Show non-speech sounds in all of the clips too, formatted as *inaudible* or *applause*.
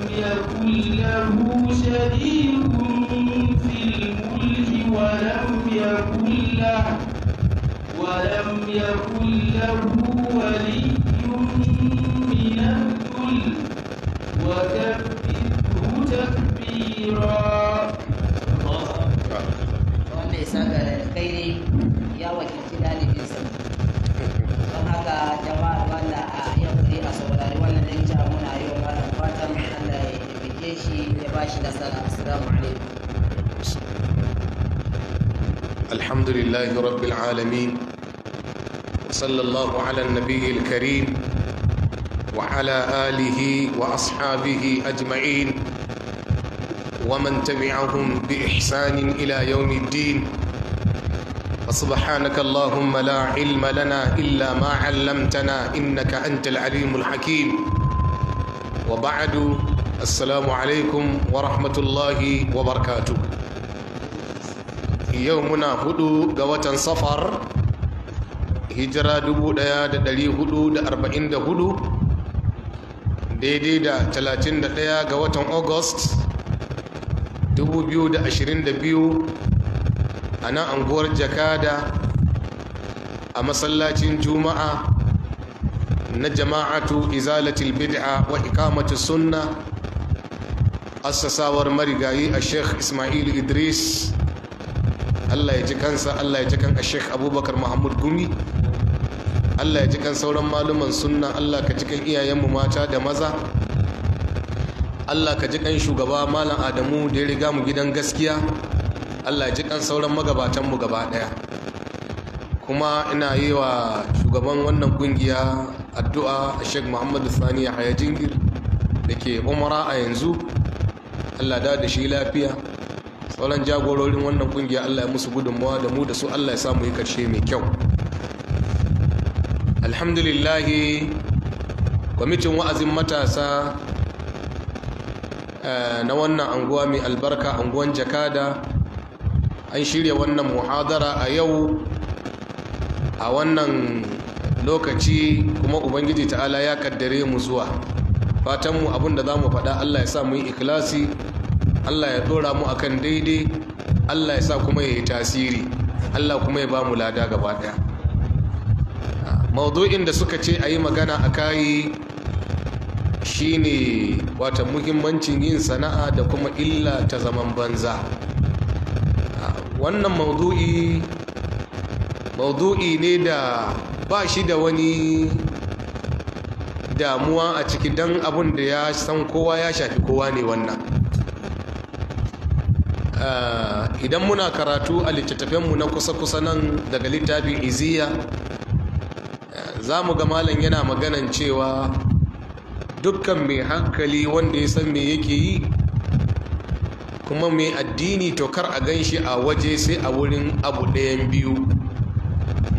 يكن له شريك في الملك ولم يكن له ولم يكن له ولي من الذل وكبره تكبيرا wanda ya saka da kai ne ya wakilci dalibinsa don haka jama'ar wanda a yau ne a saurari wannan lecture muna yau الحمد لله رب العالمين وصلى الله على النبي الكريم وعلى آله وأصحابه أجمعين ومن تبعهم بإحسان إلى يوم الدين وسبحانك اللهم لا علم لنا إلا ما علمتنا إنك أنت العليم الحكيم وبعد assalamu alaikum wa rahmatullahi wa barkatu yau muna hudu ga watan safar hijira 1444 daidai da 31 ga watan august 2022 a nan anguwar jakada a masallacin juma'a na jama'atu izalatul bid'a wa ikamatu sunna assasawar marigayi a sheikh ismail idris allah ya ji kansa allah ya ji kan a sheikh abubakar muhammad gumi allah ya ji kan sauran maluman sunna allah ka ji kan iyayenmu mata da maza allah ka ji kan shugaba malam adamu da ya riga mu gidan gaskiya allah ya ji kan sauran magabatanmu gaba daya kuma ina yi wa shugaban wannan kungiya addu'a a sheik muhammadu sani ya haya jingir da ke umara a yanzu Allah da da shi lafiya sauran jagororin wannan kungiya Allah ya musu gudunmawa da mu da su Allah ya samu yi karshe mai kyau alhamdulillahi kwamitin wa'azin matasa eh, na wannan anguwa mai albarka anguwan jakada an shirya wannan muhadara a yau a wannan lokaci kuma ubangiji ta'ala ya kaddare mu zuwa fatanmu abinda za mu faɗa allah ya sa mu yi ikilasi Allah ya dora mu akan daidai Allah ya sa kuma ya yi tasiri Allah kuma ya ba mu lada gaba daya maudu'in da suka ce a yi magana a kayi shine wata muhimmancin yin sana'a da kuma illa ta zaman banza wannan maudu'i maudu'i ne da ba shi da wani damuwa a ciki don abin da ya san kowa ya shafi kowa ne wannan Eh, idan muna karatu a littattafenmu na kusa-kusa nan daga littafin iziya eh, za mu ga malam yana maganan cewa dukkan mai hankali wanda ya san me yake yi kuma mai addini to kar a gan shi a waje sai a wurin abu ɗayan biyu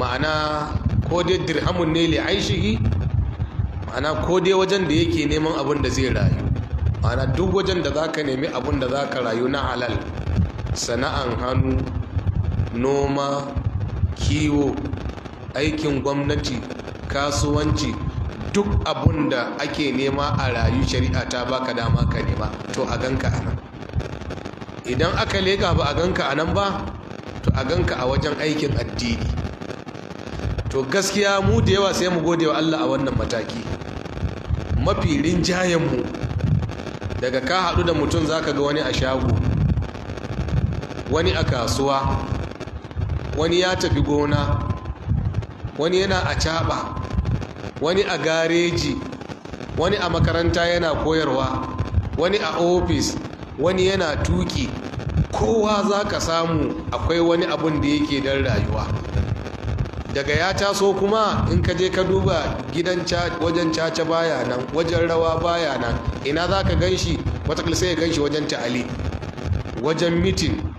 ma'ana ko dai dirhamun ne li aishihi ma'ana ko dai wajen da yake neman abin da zai rayu ma'ana duk wajen da za ka nemi abin da za ka rayu na halal sana'an hannu noma kiwo aikin gwamnati kasuwanci duk abun da ake nema a rayu shari'a ta baka dama ka nema to a ganka a nan idan aka leka ba a ganka a nan ba to a ganka a wajen aikin addini to gaskiya mu da yawa sai mu gode wa Allah a wannan mataki mafi rinjayenmu daga ka haɗu da mutum zaka ga wani a shago wani a kasuwa wani ya tafi gona wani yana a caɓa wani a gareji wani a makaranta yana koyarwa wani a ofis wani yana tuki kowa za ka samu akwai wani abun da yake don rayuwa daga ya taso kuma in ka je ka duba gidan wajen caca baya nan wajen rawa baya nan ina za ka gan shi sai ya gan shi wajen ta'ali wajen mitin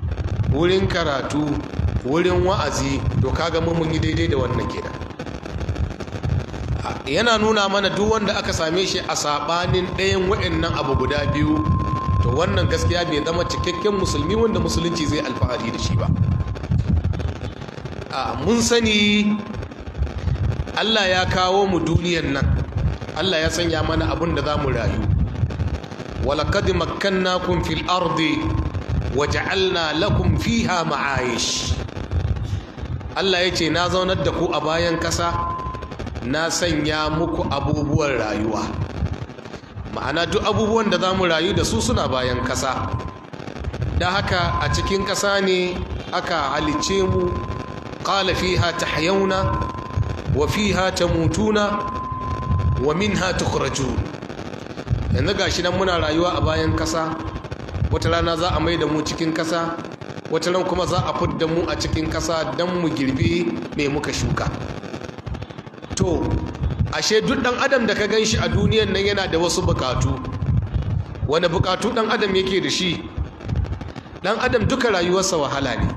wurin karatu wurin wa'azi to kaga mun yi daidai da wannan kenan yana nuna mana duk wanda aka same shi a sabanin ɗayan waɗannan abu guda biyu to wannan gaskiya bai zama cikakken musulmi wanda musulunci zai alfahari da shi ba mun sani allah ya kawo mu duniyan nan allah ya sanya mana abin da za mu rayu walakadi kun fil ardi waja'alna lakum fiha ma'aish Allah ya ce na zaunar da ku a bayan ƙasa na sanya muku abubuwan rayuwa ma'ana duk abubuwan da za mu rayu da su suna bayan ƙasa da haka a cikin ƙasa ne aka halice mu ƙala fiha tahyauna wa fiha mutuna, wa minha tukhrajun yanzu gashi nan muna rayuwa a bayan ƙasa wata rana za a mai da mu cikin kasa wata ran kuma za a fudda mu a cikin kasa don mu girbi mai muka shuka to ashe duk ɗan adam da ka gan shi a duniyan nan yana da wasu bukatu wani bukatu ɗan adam yake da shi ɗan adam duka rayuwarsa wahala ne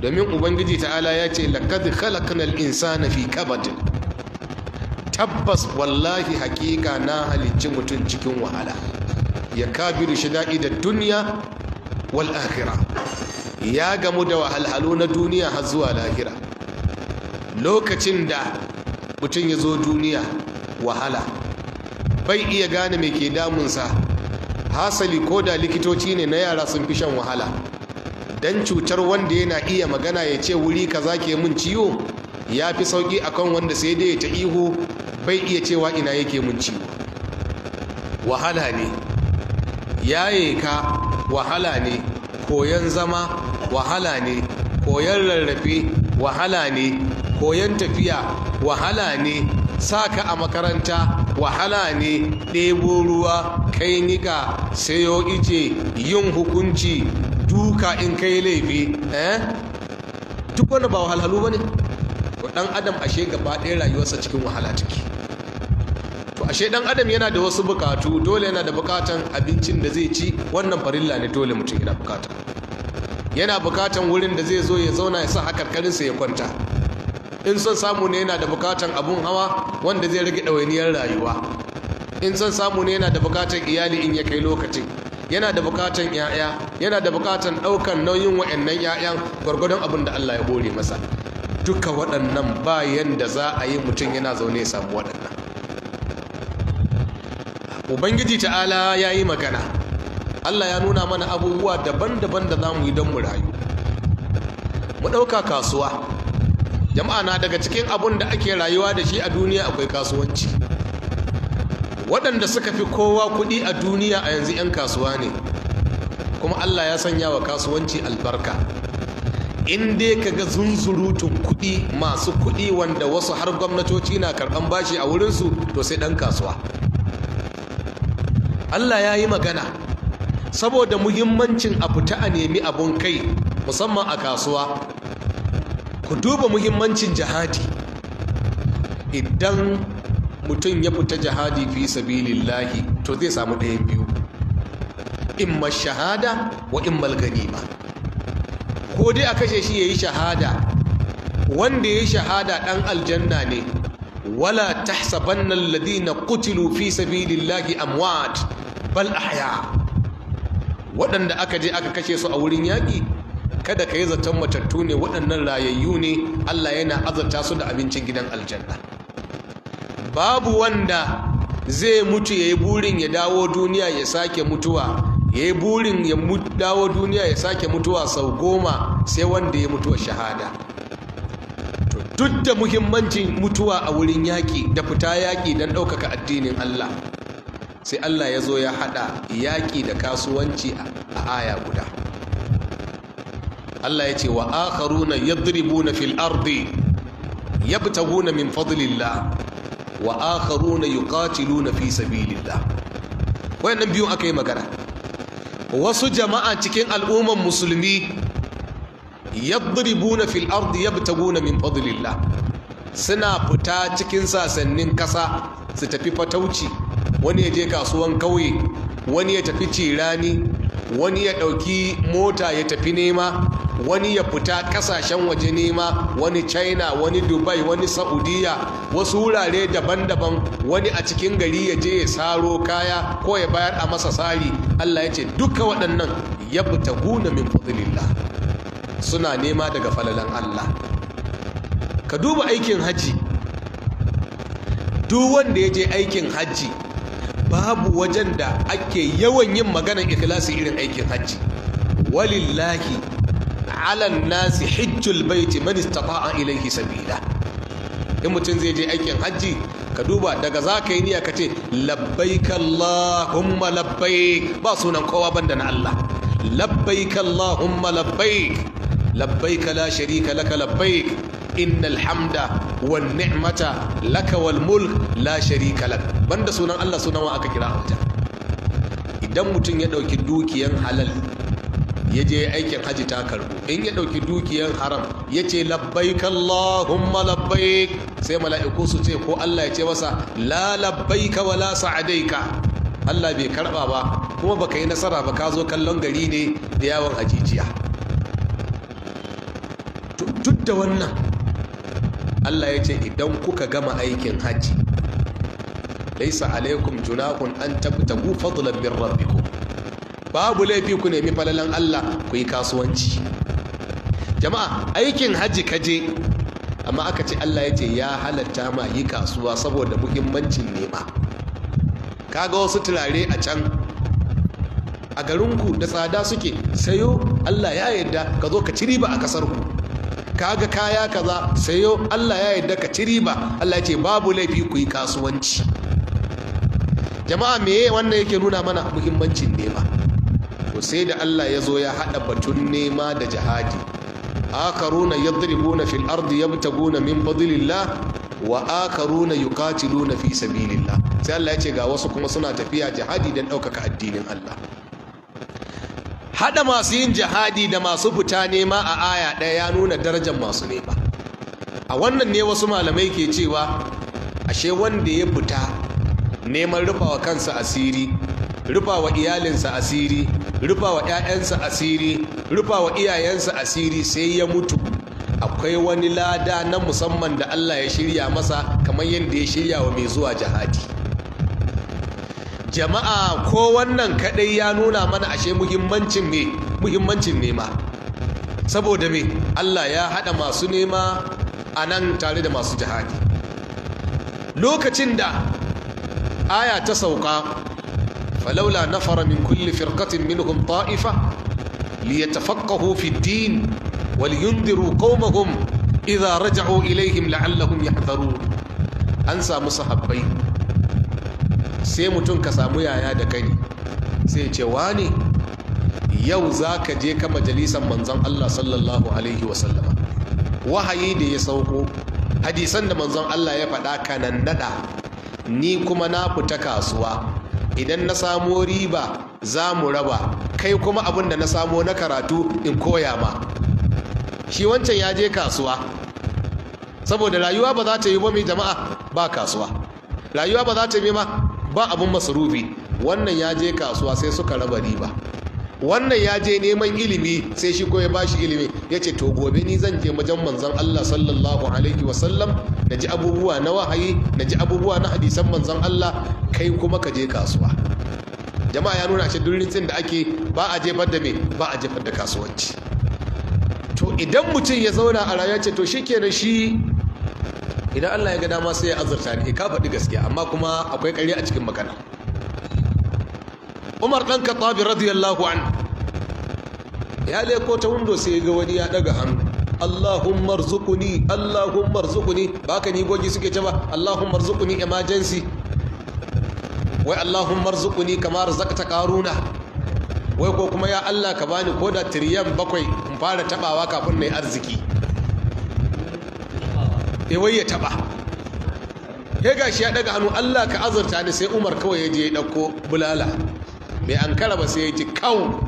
domin ubangiji ta'ala ya ce laqad khalaqnal insana fi kabad tabbas wallahi haƙiƙa na halicci mutum cikin wahala ya kabiru shada'i da duniya wal'ahira. akhira ya gamu da wahalhalu na duniya har zuwa lahira lokacin da mutum ya zo duniya wahala bai iya gane mai ke damunsa hasali ko da likitoci ne na yara sun fi shan wahala dan cutar wanda yana iya magana ya ce wuri kaza ke mun ciwo ya fi sauki akan wanda sai dai ta ihu bai iya cewa ina yake mun ciwo wahala ne yaye ka wahala ne koyon zama wahala ne koyon rarrafe wahala ne koyon tafiya wahala ne sa ka a makaranta wahala ne ɗebo ruwa kai nika sayo ice yin hukunci duka in kai laifi eh duk wanda ba wahalhalu ba ne ɗan adam ashe gaba ɗaya rayuwarsa cikin wahala take ashe dan adam yana da wasu bukatu dole yana da bukatan abincin da zai ci wannan farilla ne dole mutum yana bukata yana bukatan wurin da zai zo ya zauna ya sa hakarkarinsa ya kwanta in son samu ne yana da bukatan abun hawa wanda zai rage ɗawainiyar rayuwa in son samu ne yana da bukatan iyali in ya kai lokacin yana da bukatan ya'ya yana da bukatan ɗaukan nauyin wa'annan ya'yan gwargwadon abin da Allah ya bore masa duka waɗannan bayan da za a yi mutum yana zaune ya samu waɗannan ubangiji ta'ala ya yi magana allah ya nuna mana abubuwa daban-daban da za mu yi don mu rayu mu ɗauka kasuwa jama'a na daga cikin abun da ake rayuwa da shi a duniya akwai kasuwanci waɗanda suka fi kowa kuɗi a duniya a yanzu 'yan kasuwa ne kuma allah ya sanya wa kasuwanci albarka in dai ka ga zunzurutun kuɗi masu kuɗi wanda wasu har gwamnatoci na karɓan bashi a wurinsu to sai ɗan kasuwa Allah ya yi magana saboda muhimmancin a fita a nemi abun kai musamman a kasuwa ku duba muhimmancin jihadi idan mutum ya fita jihadi fi sabilillahi to zai samu ɗaya biyu imma shahada wa imma ganima ko dai a kashe shi ya yi shahada wanda ya yi shahada ɗan aljanna ne wala tahsabanna alladhina qutilu fi sabilillahi amwad. bal ahya waɗanda aka je aka kashe su a wurin yaƙi kada ka yi zaton matattu ne waɗannan rayayyu ne Allah yana azarta su da abincin gidan aljanna babu wanda zai mutu ya yi burin ya dawo duniya ya sake mutuwa ya yi burin ya dawo duniya ya sake mutuwa sau goma sai wanda ya mutuwa shahada duk da muhimmancin mutuwa a wurin yaƙi da fita yaƙi don ɗaukaka addinin Allah sai Allah ya zo ya haɗa yaƙi da kasuwanci a aya guda Allah ya ce wa akharuna yadribuna fil ardi yabtaguna min fadlillah wa akharuna yuqatiluna fi sabilillah wayannan biyun aka yi magana wasu jama'a cikin al'umman musulmi yadribuna fil ardi yabtaguna min fadlillah suna fita cikin sasannin kasa su tafi fatauci wani ya je kasuwan kauye wani ya tafi cirani wani ya ɗauki mota ya tafi nema wani ya fita kasashen waje nema wani china wani dubai wani saudiya wasu wurare daban-daban wani a cikin gari ya je ya saro kaya ko ya bayar a masa sari allah ya ce duka waɗannan ya fita guna min fadlillah suna nema daga falalan allah ka duba aikin hajji duk wanda ya je aikin hajji babu wajen da ake yawan yin maganar ikhlasi irin aikin hajji walillahi ala nasi hijjul baiti man istata'a ilayhi sabila in mutum zai je aikin hajji ka duba daga za ka yi niyya ka ce labbaik allahumma labbaik ba sunan kowa banda na Allah labbaik allahumma labbaik labbaik la sharika laka labbaik innal hamda wan ni'mata laka wal mulk la sharika lak banda sunan Allah Suna wa aka kira a wajen idan mutum ya ɗauki dukiyan halal ya je aikin haji ta karbu in ya ɗauki dukiyan haram ya ce labbaik Allahumma labbaik sai mala'iku su ce ko Allah ya ce masa lalabai labbaika wa la sa'adaika Allah bai karba ba kuma baka yi nasara ba ka zo kallon gari ne da yawon hajijiya duk da wannan Allah ya ce idan kuka gama aikin hajji laisa alaikum junahun an tabtagu fadlan min rabbikum babu laifi ku nemi falalan Allah ku yi kasuwanci jama'a aikin hajji kaje amma aka ce Allah ya ce ya halatta ma yi kasuwa saboda muhimmancin nema kaga wasu turare a can a garinku da tsada suke sayo Allah ya yarda ka zo ka ci riba a kasarku Ka ga kaya kaza sayo Allah ya yarda ka ci riba Allah ce babu laifi ku yi kasuwanci jama'a meye wannan yake nuna mana muhimmancin nema sai da Allah ya zo ya hada batun nema da jihadi akaruna na fil ardi yabtaguna min fadlillah wa akaruna yuqatiluna fi sabilillah sai Allah ya ce ga wasu kuma suna tafiya jihadi don ɗaukaka addinin Allah hada masu yin jihadi da masu fita nema a aya ɗaya ya nuna darajar masu nema a wannan ne wasu malamai ke cewa ashe wanda ya fita neman rufawa kansa asiri rufawa iyalinsa asiri rufawa 'ya'yansa asiri rufawa iyayensa asiri sai ya mutu akwai wani lada na musamman da Allah ya shirya masa kamar yadda ya shirya wa mai zuwa jihadi jama'a ko wannan kadai ya nuna mana ashe muhimmancin ne muhimmancin nema saboda me Allah ya hada masu nema a nan tare da masu jihadi lokacin da aya ta sauka falaula nafara min kulli firqatin minhum ta'ifa liyatafaqahu fi din wal yundiru qaumahum idza raja'u ilaihim la'allahum yahdharun an samu sahabbai sai mutum ka samu yaya da kani sai ce wani yau za ka je ka majalisan manzan Allah sallallahu alaihi wasallama wahayi da ya sauko hadisan da manzan Allah ya faɗa kanan nada ni kuma na fita kasuwa idan na samo riba za mu raba kai kuma abin da na samo na karatu in koya ma shi wancan ya je kasuwa saboda rayuwa ba za ta yi ba mai jama'a ba kasuwa rayuwa ba za ta yi ma ba abin masarufi wannan ya je kasuwa sai suka raba riba wannan ya je neman ilimi sai shi ko ya bashi ilimi ya ce to gobe ni zan je majan manzan Allah sallallahu alaihi wasallam na ji abubuwa na wahayi na ji abubuwa na hadisan manzan Allah kai kuma ka je kasuwa jama'a ya nuna shi durintin da ake ba a jefar da me ba a jefar da kasuwanci to idan mutum ya zauna a rayuwa ce to shikenan shi idan Allah ya ga dama sai ya azurta ni ka faɗi gaskiya amma kuma akwai ƙarya a cikin magana Umar dan Khattab radiyallahu an. ya leko ta wundo sai ya ga wani ya daga hannu Allahumma arzuqni Allahumma baka ni gogi suke ce ba Allahumma arzuqni emergency wai Allahumma arzuqni ta ƙaru na? wai ko kuma ya Allah ka bani da tiriyan bakwai in fara taɓawa kafin na yi arziki bai eh, wayyata ba ya gashi ya daga hannu Allah ka azurta ni sai Umar kawai ya je ya dauko bulala mai ankara ba sai ya ji kawo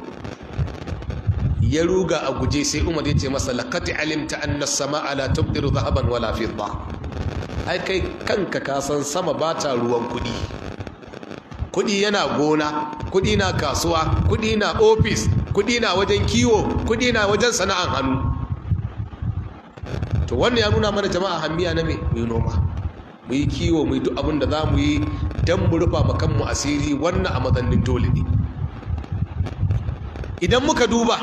ya ruga a guje sai Umar ya ce masa lakati alimta anna as sama ala tubdiru dhahaban wala fidda ai kai kanka ka san sama ba ta ruwan kudi kudi yana gona kudi na kasuwa kudi na ofis kudi na wajen kiwo kudi na wajen sana'an hannu to wannan ya nuna mana jama'a hamiya na mai noma mu yi kiwo mu yi duk abin da za mu yi don mu rufa ma kanmu asiri wannan a mazannin dole ne idan muka duba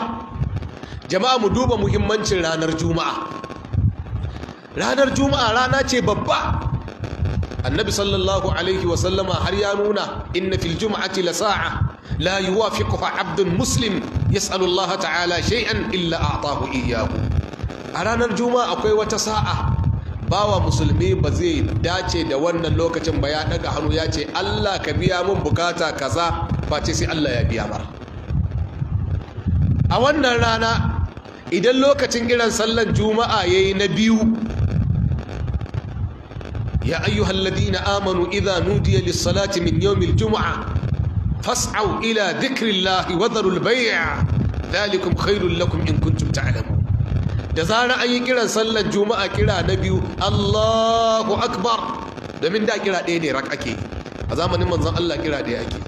jama'a mu duba muhimmancin ranar juma'a ranar juma'a rana ce babba annabi sallallahu alaihi wasallama har ya nuna inna fil juma'ati la sa'a la yuwafiquha abdun muslim yas'alu Allah ta'ala shay'an illa a'tahu iyyahu a ranar juma'a akwai wata sa'a bawa musulmi ba zai dace da wannan lokacin ba ya daga hannu ya ce Allah ka biya mun bukata kaza ce sai Allah ya biya ba a wannan rana idan lokacin irin sallar juma'a yayi na biyu ya ayyuhal ladina amanu Idha, nudiya salati min yawmil juma'a fas'au ila dhikrillahi wa dharul bay' dhalikum khairul lakum in kuntum ta'lamun da zarar an yi kiran sallar juma'a kira na biyu Allahu akbar domin da kira ɗaya ne rak ake a zamanin manzon Allah kira ɗaya ake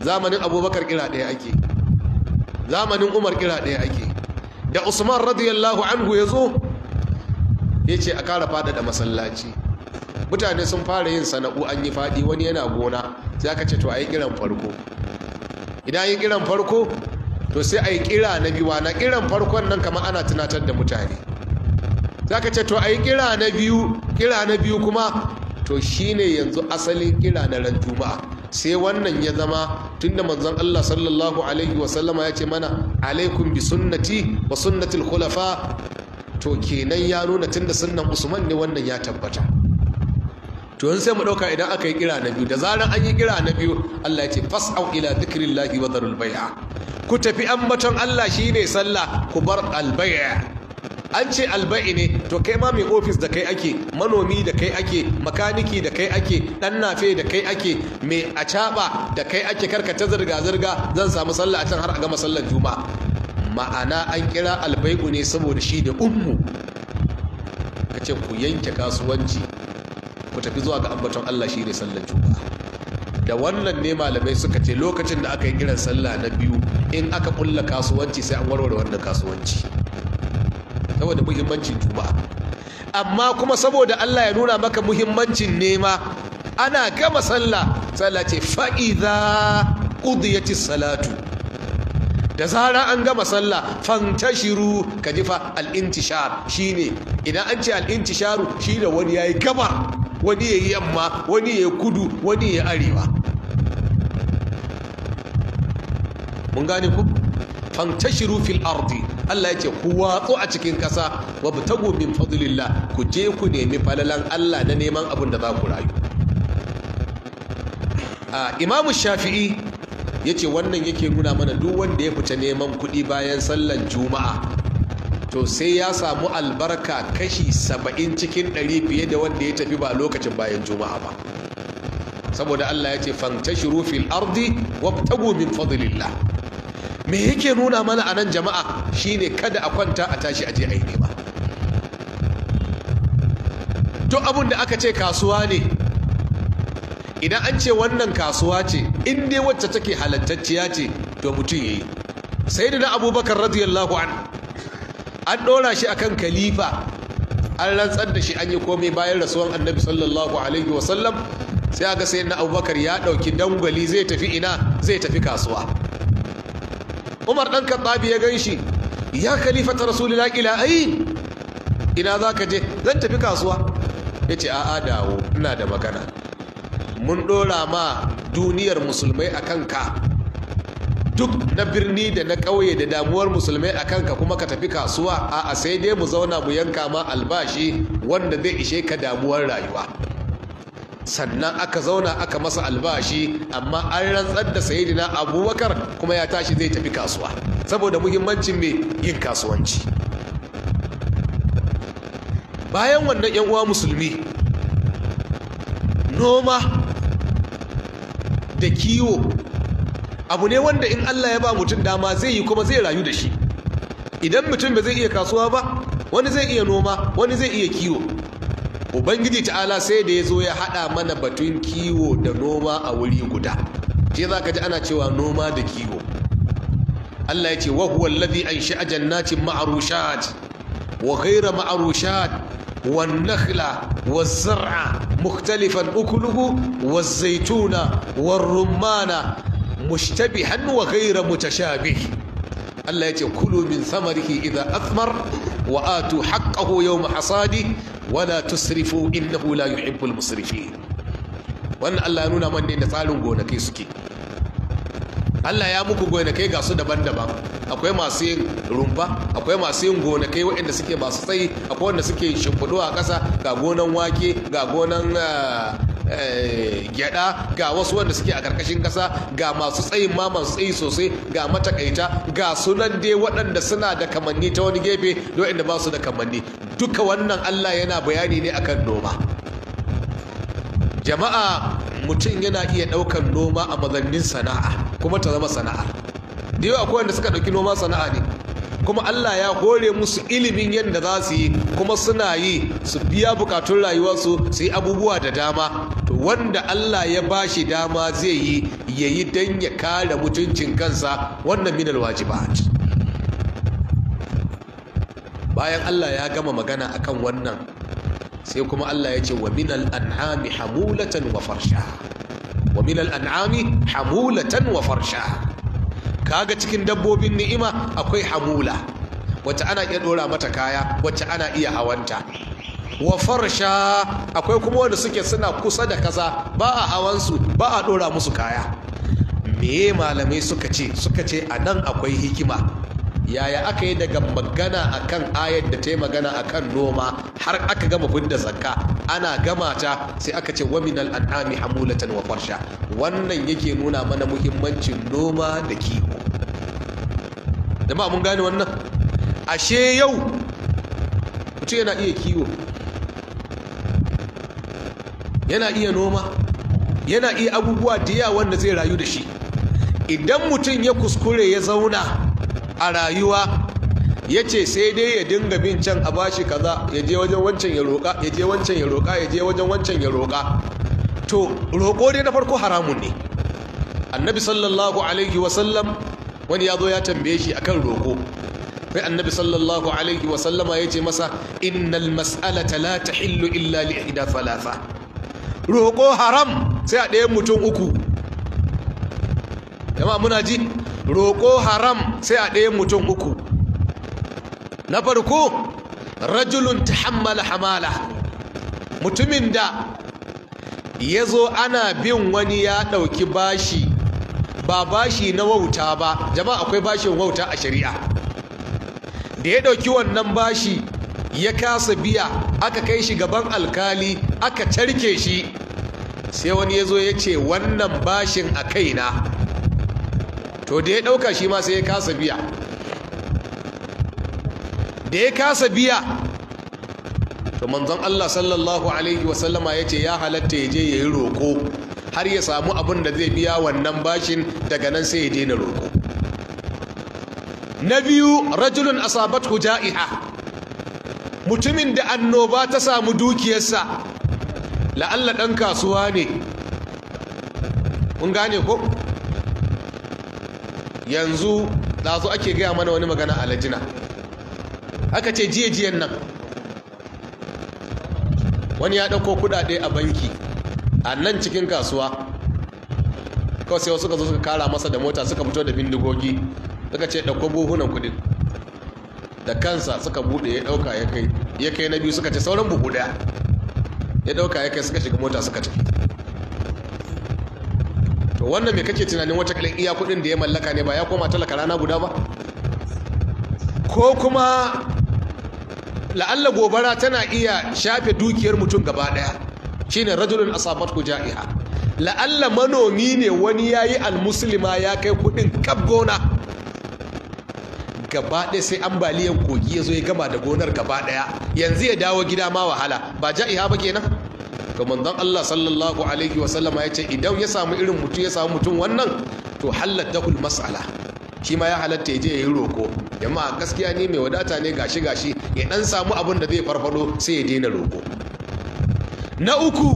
zamanin Abubakar kira ɗaya ake zamanin Umar kira ɗaya ake da Usman radiyallahu anhu ya zo ya ce a kara faɗaɗa masallaci mutane sun fara yin sana'u an yi faɗi wani yana gona sai aka ce to a yi kiran farko idan yi kiran farko to sai a yi kira na biyu wa na kiran farkon nan kama ana tunatar da mutane za ka ce to a yi kira na biyu kira na biyu kuma to shi ne yanzu asalin kira na ran juma'a sai wannan ya zama tunda manzon Allah sallallahu alaihi wa sallama ya ce mana alaikum bi sunnati wa sunnatil khulafa to kenan ya nuna tun da sunnan Usman ne wannan ya tabbata to yanzu sai mu dauka idan aka yi kira na biyu da zarar an yi kira na biyu Allah ya ce fas'au ila dhikrillahi wa dharul bai'a ku tafi ambaton Allah shine sallah ku bar albaya an ce albai ne to kai ma mai ofis da kai ake manomi da kai ake makaniki da kai ake dan nafe da kai ake mai acaba da kai ake karkata zirga zirga zan samu sallah a can har a gama sallar juma'a ma'ana an kira albai'u ne saboda shi da ummu kace ku yanke kasuwanci ku tafi zuwa ga ambaton Allah shi ne sallar juma'a da wannan ne malamai suka ce lokacin da aka yi kiran sallah na biyu in aka kulla kasuwanci sai an warware wannan kasuwanci saboda muhimmancin juma'a amma kuma saboda Allah ya nuna maka muhimmancin nema ana gama sallah sallah ce fa'iza qudiyatis salatu da zara an gama sallah fantashiru kajifa al-intishar shine idan an ce al shi shine wani ya yi gaba. wani ya yi yamma wani ya kudu wani ya arewa mun gane ku fantashiru fil ardi Allah ya ce ku watsu a cikin ƙasa wa butagu min fadlillah ku je ku nemi falalan Allah na neman abin da za ku rayu A imamu shafi'i ya ce wannan yake nuna mana duk wanda ya fita neman kuɗi bayan sallar juma'a to sai ya samu albarka kashi saba'in cikin ɗari fiye da wanda ya tafi ba lokacin bayan juma'a ba saboda Allah ya ce shiru fil ardi tagu min fadlillah me yake nuna mana a nan jama'a shine kada a kwanta a tashi a je a yi nema to abun da aka ce kasuwa ne idan an ce wannan kasuwa ce in dai wacce take halattacciya ce to mutum ya yayi sayyidina abubakar radiyallahu anhu an ɗora shi akan khalifa an rantsar da shi an yi komai bayan rasuwan annabi sallallahu alaihi wa sallam. sai aka sai na abubakar ya ɗauki dangwali zai tafi ina zai tafi kasuwa umar ɗan kaɓaɓi ya gan shi ya ta rasulullah ila ayi. ina za ka je zan tafi kasuwa ya ce a'a dawo ina da magana mun ɗora ma duniyar musulmai a ka. duk na birni da na ƙauye da damuwar musulmai a kanka kuma ka tafi kasuwa a'a sai dai mu zauna mu yanka ma albashi wanda zai ishe ka damuwar rayuwa sannan aka zauna aka masa albashi amma an rantsar da sayidina abubakar kuma ya tashi zai tafi kasuwa saboda muhimmancin mai yin kasuwanci bayan wannan yan uwa musulmi noma da kiwo abu ne wanda in Allah ya ba mutum dama zai yi kuma zai rayu da shi idan mutum ba zai iya kasuwa ba wani zai iya noma wani zai iya kiwo ubangiji ta'ala sai da ya zo ya haɗa mana batun kiwo da noma a wuri guda ke za ka ji ana cewa noma da kiwo Allah ya ce wa huwa alladhi ansha'a jannatin ma'rushat wa ghayra ma'rushat wan nakhla waz zar'a mukhtalifan ukuluhu waz zaytuna war rumana mushtabihan wa ghayra mutashabih Allah yace kulu min samarihi idza athmar wa atu haqqahu yawma hasadi wa la tusrifu innahu la yuhibbul musrifin wannan Allah ya nuna man da tsarin gonakai suke Allah ya muku gonakai ga su daban-daban akwai masu yin rumfa akwai masu yin gonakai waɗanda suke masu tsayi akwai wanda suke shimfiɗo a ƙasa ga gonan wake ga gonan Eh, gyada ga wasu wanda suke a karkashin kasa ga masu tsayin ma masu tsayi sosai ga matakaita ga sunan dai waɗanda suna da kamanni ta wani gefe da waɗanda ba su da kamanni duka wannan Allah yana bayani ne akan noma jama'a mutum yana iya ɗaukar noma a mazannin sana'a kuma ta zama sana'a da yawa akwai wanda suka ɗauki noma sana'a ne kuma Allah ya hore musu ilimin yadda za su yi kuma suna yi su biya bukatun rayuwarsu su yi abubuwa da dama wanda Allah ya ba shi dama zai yi yayi dan ya kare mutuncin kansa wannan minal wajibat bayan Allah ya gama magana akan wannan sai kuma Allah ya ce wa minal an'ami hamulatan wa farsha wa minal an'ami hamulatan wa farsha kaga cikin dabbobin ni'ima akwai hamula wacce ana iya dora mata kaya wacce ana iya hawanta wa farsha akwai kuma wanda suke suna kusa da kaza ba a hawansu ba a dora musu kaya Me malamai suka ce suka ce a nan akwai hikima yaya aka yi daga magana akan ayar da ta yi magana akan noma har aka gama fidda zakka ana gama ta sai aka ce waminal an'ami hamulatan wa farsha wannan yake nuna mana muhimmancin noma da kiwo Da ma mun gane wannan ashe yau mutum yana iya kiwo yana iya noma yana iya abubuwa da yawa wanda zai rayu da shi idan mutum ya kuskure ya zauna a rayuwa ya ce sai dai ya dinga bin can a bashi kaza ya je wajen wancan ya roƙa ya je wancan ya roƙa ya je wajen wancan ya roƙa to roƙo dai na farko haramun ne annabi sallallahu alaihi wasallam wani ya zo ya tambaye shi akan roƙo sai annabi sallallahu alaihi wasallama ya ce masa innal mas'alata la tahillu illa li ihda thalatha roƙo haram sai a ɗaya mutum uku jama'a muna ji roƙo haram sai a ɗaya mutum uku na farko rajulun tahammala hamala mutumin da ya zo ana bin wani ya ɗauki bashi ba bashi na wauta ba jama'a akwai bashin wauta a shari'a da ya ɗauki wannan bashi ya kasa biya aka kai shi gaban alkali aka carke shi sai wani ya zo ya ce wannan bashin a kaina to da ya ɗauka shi ma sai ya kasa biya da ya kasa biya to manzon Allah sallallahu alaihi wasallama ya ce ya halatta ya je ya yi roƙo har ya samu abin da zai biya wannan bashin daga nan sai ya daina roƙo na biyu rajulun asabat ja'iha mutumin da annoba ta samu dukiyarsa la'alla ɗan kasuwa ne kun gane ko yanzu ɗazu ake gaya mana wani magana a Lajina. aka ce jiye nan wani ya ɗauko kuɗaɗe a banki a nan cikin kasuwa kawai sai suka zo suka kara masa da mota suka fito da bindigogi suka ce ɗauko buhunan kuɗin da kansa suka buɗe ya ɗauka ya kai na biyu suka ce sauran buhu ɗaya ya dauka ya kai suka shiga mota suka tafi to wannan me kake tunanin wata kalin iya kudin da ya mallaka ne ba ya koma talaka rana guda ba ko kuma la'alla gobara tana iya shafe dukiyar mutum gaba daya shine rajulun asabat ku ja'iha la'alla manomi ne wani yayi almuslima ya kai kudin kab gona gaba ɗaya sai ambaliyan kogi ya zo ya gama da gonar gaba ɗaya yanzu ya dawo gida ma wahala ba ja'iha ba kenan ga manzon Allah sallallahu alaihi wasallama ya ce idan ya samu irin mutum ya samu mutum wannan to kul mas'ala shi ma ya halatta ya je ya yi roko yamma gaskiya ne mai wadata ne gashi gashi ya dan samu abin da zai farfado sai ya daina roko na uku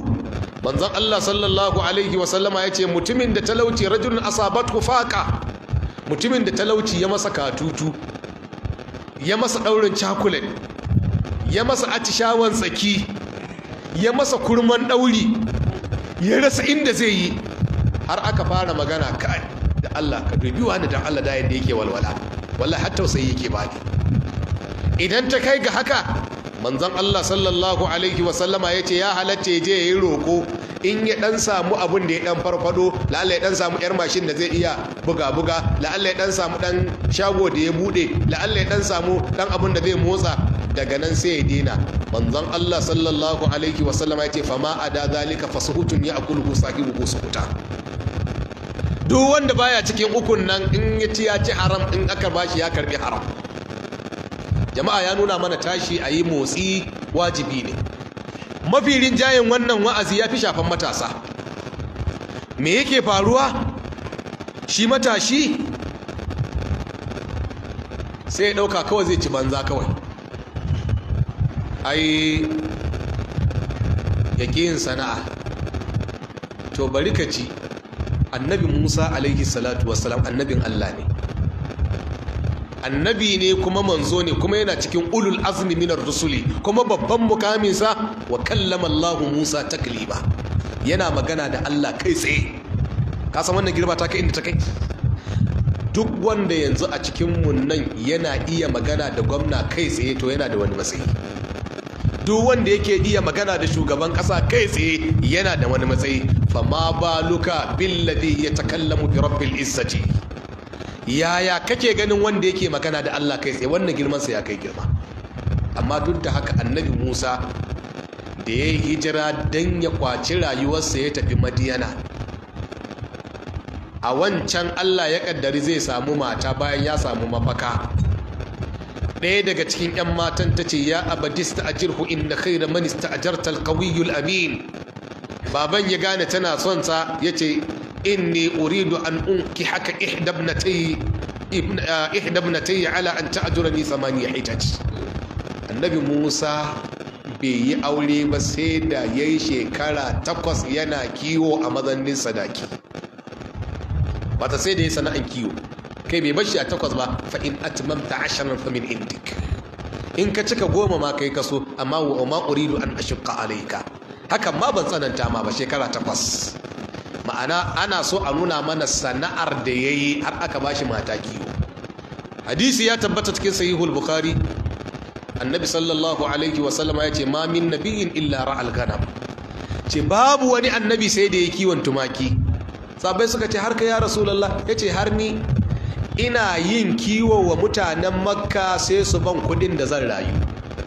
manzon Allah sallallahu alaihi wasallama ya ce mutumin da talauci rajulun ku faqa mutumin da talauci ya masa katutu ya masa daurin cakulet ya masa atishawan tsaki ya masa kurman ɗauri ya rasa inda zai yi har aka fara magana kai da Allah ka dubi wani dan Allah da yadda yake walwala wallahi har tausayi yake bani idan ta kai ga haka manzon Allah sallallahu alaihi wa sallama yace ya halatta ya je yayi roko in ya dan samu abun da ya dan farfado lalle ya dan samu yar mashin da zai iya buga buga lalle ya dan samu dan shago da ya bude lalle ya dan samu dan abun da zai motsa daga nan sai ya dina manzon Allah sallallahu alaihi wasallama ya ce fama ada zalika fasuhutun ya akulu sahibu suhuta duk wanda baya cikin ukun nan in ya ci ya ci haram in aka bashi ya karbi haram jama'a ya nuna mana tashi a yi motsi wajibi ne mafi rinjayen wannan wa'azi ya fi shafan matasa me yake faruwa shi matashi sai ya ɗauka kawai zai ci banza kawai ai ya yin sana'a to bari ka ci annabi musa alaihi salatu wasalam annabin allah ne annabi ne kuma manzo ne kuma yana cikin ulul azmi minar rusuli kuma babban mukaminsa wa kallama allahu musa taklima yana magana da allah kai tsaye ka wannan girma ta kai inda ta kai duk wanda yanzu a cikin nan yana iya magana da gwamna kai tsaye to yana da wani matsayi duk wanda yake iya magana da shugaban kasa kai tsaye yana da wani matsayi fama ya takalla mu bi rabbil izzati yaya kake ganin wanda yake magana da Allah kai tsaye wannan girman sa ya kai girma amma duk da haka annabi Musa da ya hijira dan ya kwaci rayuwarsa ya tafi madiyana a wancan Allah ya kaddari zai samu mata bayan ya samu mafaka ɗaya daga cikin 'yan matan ta ce ya abadista a jirhu inda kai da manista a jartar kawiyul amin baban ya gane tana son sa ya ce inni uridu an unki haka ihdabnatai eh, ala an ta'ajura ni samaniya annabi musa bai yi aure ba sai da ya yi shekara takwas yana kiwo a mazannin sadaki ba ta sai da ya sana'an kiwo kai bai bashi a takwas ba fa in atmamta asharan fa min indik in ka cika goma ma kai kaso amma wa ma uridu an ashqa alayka hakan ma ban tsananta ma ba shekara takwas ma'ana ana so a nuna mana sana'ar da yayi har aka bashi mata kiwo hadisi ya tabbata cikin sahihul bukhari annabi sallallahu alaihi wa sallama ya ce ma min nabiyin illa ra'al ganam ce babu wani annabi sai da ya kiwon tumaki sabai suka ce har ka ya rasulallah ya ce har ni ina yin kiwo wa mutanen makka sai su ban kudin da zan rayu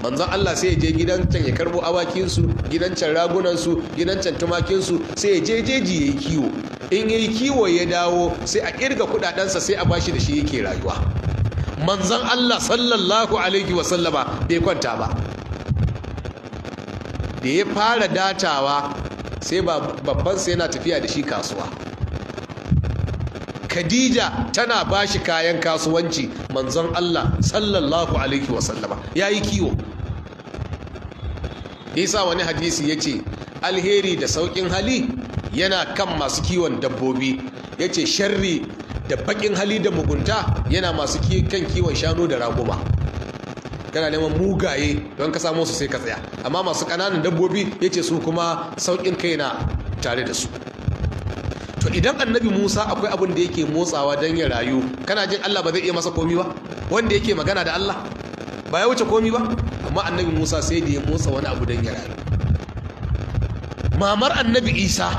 manzon Allah sai ya je gidan can ya karbo awakinsu gidan can ragunansu gidan can tumakinsu sai ya je jeji ya yi kiwo in ya yi kiwo ya dawo sai a kirga kudadensa sai a bashi da shi yake rayuwa manzon Allah sallallahu alaihi wasallama bai kwanta ba da ya fara datawa sai babban sai yana tafiya da shi kasuwa khadija tana ba shi kayan kasuwanci manzon allah sallallahu alaihi wasallama ya yi kiwo isa wani hadisi ya ce alheri da sauƙin hali yana kan masu kiwon dabbobi ya ce sharri da baƙin hali da mugunta yana masu kan kiwon shanu da raguma kana neman mugaye don ka samu su sai ka tsaya amma masu ƙananan dabbobi ya ce su kuma sauƙin kai na tare da su idan annabi musa akwai abin da yake motsawa don ya rayu kana jin allah ba zai iya masa komi ba wanda yake magana da allah ba ya wuce komi ba amma annabi musa sai da ya motsa wani abu don ya rayu mamar annabi isa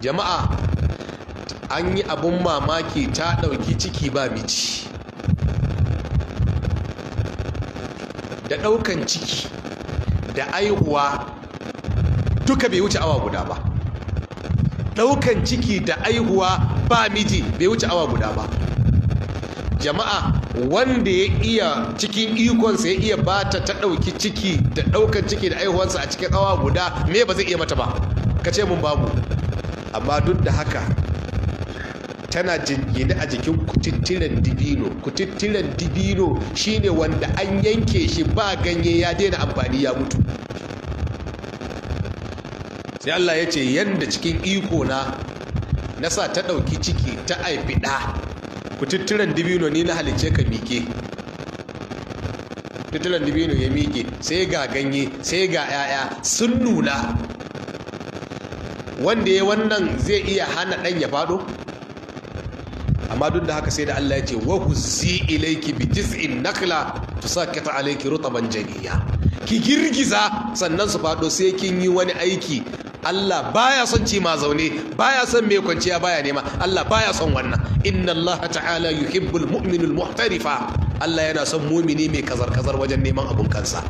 jama'a an yi abun mamaki ta ɗauki ciki ba miji da ɗaukan ciki da aihuwa duka bai wuce awa guda ba ɗaukan ciki da aihuwa ba miji bai wuce awa guda ba jama'a wanda ya iya cikin ikonsa ya iya bata ta ɗauki ciki da ɗaukan ciki da aihuwansa a cikin awa guda me ba zai iya mata ba ka ce mun babu amma duk da haka tana jingine a jikin kututturen dibino kututturen dibino shine wanda an yanke shi ba ganye ya daina amfani ya mutu sai Allah ya ce yadda cikin iko na nasa ta ɗauki ciki ta aifi ɗa ku tutturan dibino ni na halice ka miƙe tutturan dibino ya mike sai ga ganye sai ga 'ya'ya sun nuna wanda ya wannan zai iya hana ɗan ya faɗo amma duk da haka sai da Allah ya ce wa huzzi ilayki bi jiz'in nakla tusakkata alayki rutaban janiya ki girgiza sannan su faɗo sai kin yi wani aiki Allah baya son ci ma zaune baya son me kwanciya baya nema Allah baya son wannan inna Allah ta'ala yuhibbul mu'minul muhtarifa Allah yana son mumini mai kazar kazar wajen neman abun kansa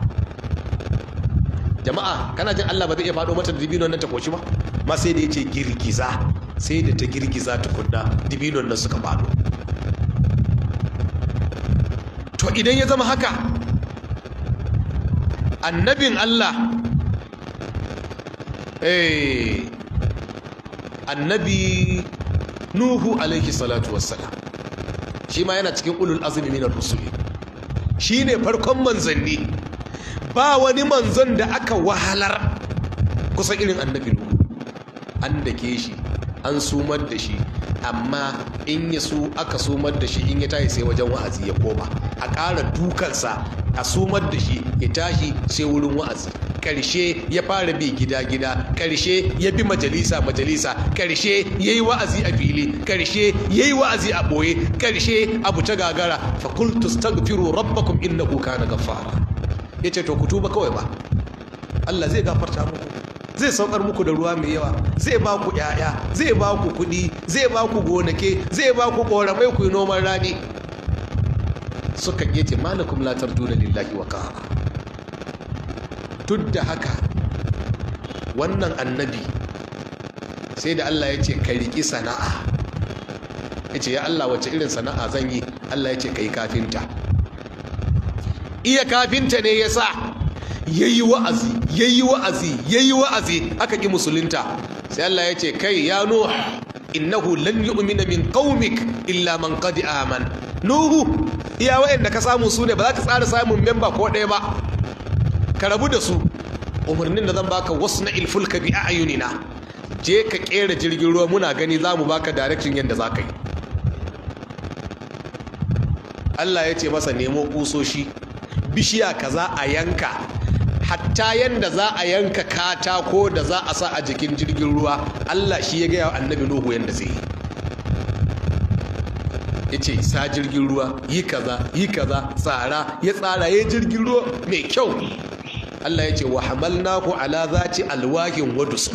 jama'a kana jin Allah ba zai iya faɗo mata da dibinon nan ta koshi ba ma sai da yace girgiza sai da ta girgiza tukunna dibinon nan suka faɗo to idan ya zama haka annabin Allah eh annabi nuhu alaihi salatu wassalam shi ma yana cikin ulul azumi minar rusuli shi ne farkon manzanni ba wani manzon da aka wahalar kusa irin annabi nuhu an dake shi an sumar da shi amma in ya su aka sumar da shi in ya tashi sai wajen wa'azi ya koma a ƙara dukansa a sumar da shi ya tashi sai wurin wa'azi karshe ya fara bi gida gida karshe ya bi majalisa majalisa karshe ya yi wa'azi a fili karshe ya yi wa'azi a ɓoye karshe a ta gagara fakultus tagfiru rabbakum innahu kana gaffara ya ce to ku tuba kawai ba Allah zai gafarta muku zai saukar muku da ruwa mai yawa zai ba ku ‘ya'ya zai ba ku kuɗi zai ba ku gonake zai ba ku ƙoramai ku yi noman rani suka so, malakum latar juna lillahi wa ka'a duk da haka wannan annabi sai da Allah ya ce ka riƙi sana'a ya ce ya Allah wace irin sana'a zan yi Allah ya ce ka yi kafinta iya kafinta ne ya sa ya yi wa'azi ya yi wa'azi ya yi wa'azi aka ƙi musulunta sai Allah ya ce kai ya nuh innahu lan yu'mina min qaumik illa man qad aman nuhu iya wa'anda ka samu su ne ba za ka tsara samun memba ko ɗaya ba ka rabu da su umarnin da zan baka wasu na ilfulka bi a ayunina je ka kera jirgin ruwa muna gani za mu baka direction yadda za ka yi Allah ya ce masa nemo kusoshi bishiya kaza a yanka hatta yadda za a yanka katako da za a sa a jikin jirgin ruwa Allah shi ya gaya wa annabi Nuhu yadda zai yi ya ce sa jirgin ruwa yi kaza yi kaza tsara ya tsara ya jirgin ruwa mai kyau Allah ya ce wa hamalnahu ala zati alwahin wa dusur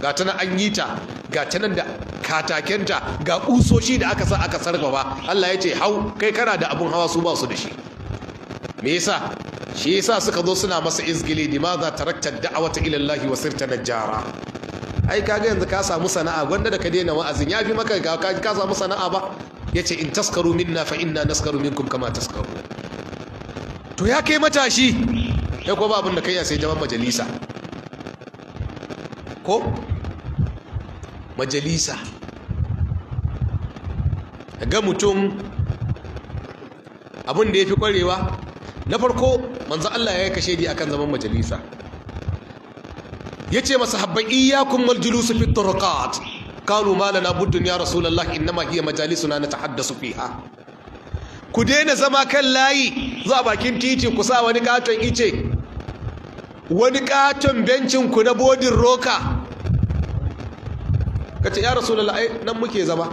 ga ta an yi ta ga ta da katakenta ga kusoshi da aka sa aka ba Allah ya ce hau kai kana da abun hawa su ba su da shi me yasa shi yasa suka zo suna masa izgili dimaza, tarakta da'awata ila Allah wa sirta najjara ai kaga yanzu ka samu sana'a gwanda da ka daina wa'azin yafi maka ga ka samu sana'a ba yace in taskaru minna fa inna naskaru minkum kama taskaru to ya kai matashi kai ko ba abin da kai ya sai zaman majalisa ko majalisa ga mutum abin da ya fi kwarewa na farko manzan Allah ya kashe di akan zaman majalisa ya ce masa habban iyakun maljulusu fi turqat kalu ma lana buddun ya rasulullah innama hiya majalisuna natahaddasu fiha ku daina zama kan layi zuwa bakin titi ku sa wani katon ice wani katon bencin ku na bodin roka Ka ce ya rasu ai nan muke zama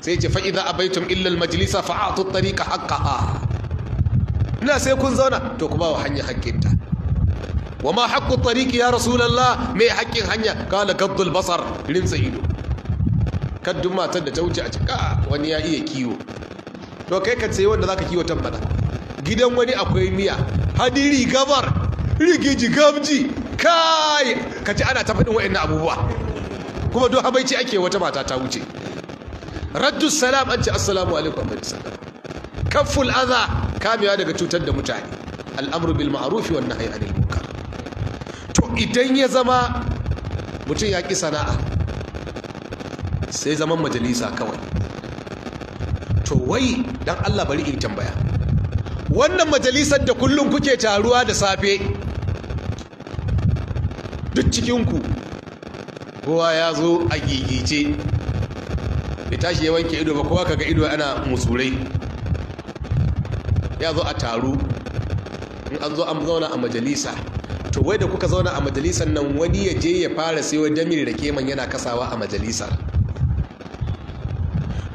sai ce fa idza abaitum illa almajlisa fa atu at-tariqa haqqaha ina sai kun zauna to ku ba wa hanya hakkinta wa ma haqqu at-tariqi ya rasulullah me haƙƙin hanya kala gaddul basar rinsa ido kaddun matar da ta wuce a cika wani ya iya kiwo to kai ka ce wanda zaka kiwo tabbata gidan wani akwai miya hadiri gabar rigiji gamji kai ka ana ta faɗin wa'annan abubuwa kuma don habaici ake wata mata ta wuce raddu salam an ce assalamu alaikum wa sallam kaful adha kamewa daga cutar da mutane al'amru bil ma'ruf wa nahyi anil munkar to idan ya zama mutum ya ki sana'a sai zaman majalisa kawai to wai dan Allah bari in tambaya wannan majalisar da kullum kuke taruwa da safe cikinku kowa ya zo a gigice bai tashi ya wanke ido ba kowa kaga ido ana musurai ya zo a taru in an zo an zauna a majalisa to wai da kuka zauna a majalisar nan wani ya je ya fara sayo damiri da keman yana kasawa a majalisar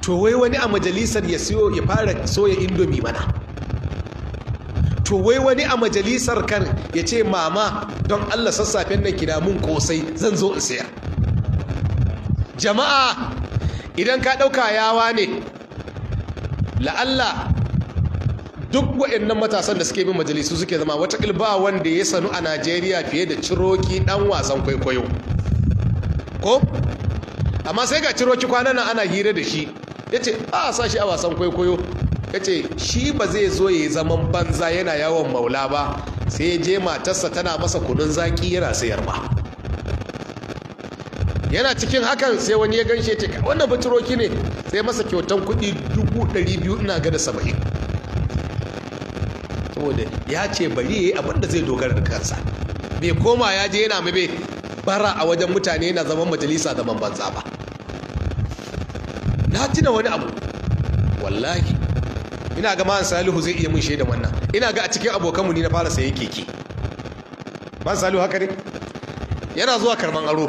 to wai wani a majalisar ya fara soya indomi mana to wai wani a majalisar kan ya ce mama don allah sassafen nan kina mun kosai zan zo in sayar jama'a idan ka ɗauka yawa ne la'alla duk waɗannan matasan da suke bin majalisu suke zama wata ba wanda ya sanu a najeriya fiye da ciroki ɗan wasan kwaikwayo ko amma sai ga ciroki kwanan nan ana hira da shi ya ce a sa shi a wasan kwaikwayo ya ce shi ba zai zo ya yi zaman banza yana yawon maula ba sai ya je matarsa tana masa kunun zaki yana sayar ba yana cikin hakan sai wani ya ganshe ta wannan baturoki ne sai masa kyautan kuɗi dubu ɗari biyu ina saba'in saboda ya ce bari ya yi abin da zai dogara da kansa bai koma ya je yana mabe bara a wajen mutane yana zaman majalisa da banza ba na tuna wani abu wallahi ina ga man salihu zai iya mun da wannan ina ga a cikin abokanmu ni na fara sayan keke man salihu haka ne yana zuwa karman aro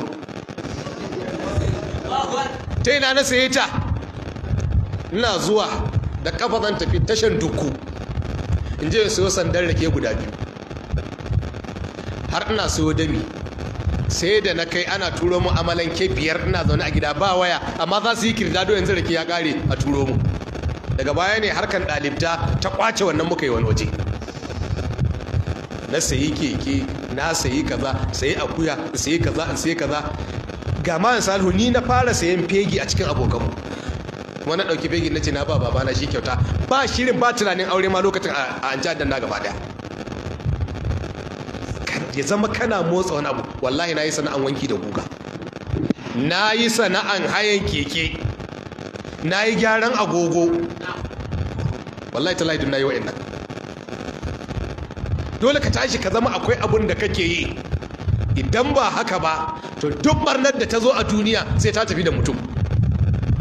ta ina na saye ta ina zuwa da kafa zan tafi tashan duku in je sayo sandan rake guda biyu har ina sayo dami sai da na kai ana turo mu amalan ke biyar ina zaune a gida ba waya amma za su yi kirda yanzu rake ya kare a turo mu daga baya ne harkar dalibta ta kwace wannan muka yi wani waje na sayi keke na sayi kaza sayi akuya in sayi kaza in sayi kaza ga ma salihu ni na fara sayan fegi a cikin abokanmu kuma na dauki fegi na ce na ba babana shi kyauta ba shirin ba tunanin aure ma lokacin a an jaddan na gaba daya ya zama kana motsa wani abu wallahi na yi sana'an wanki da guga na yi sana'an hayan keke na yi gyaran agogo wallahi ta laidun yi wa'in dole ka tashi ka zama akwai abun da kake yi idan ba haka ba to duk barnar da ta zo a duniya sai ta tafi da mutum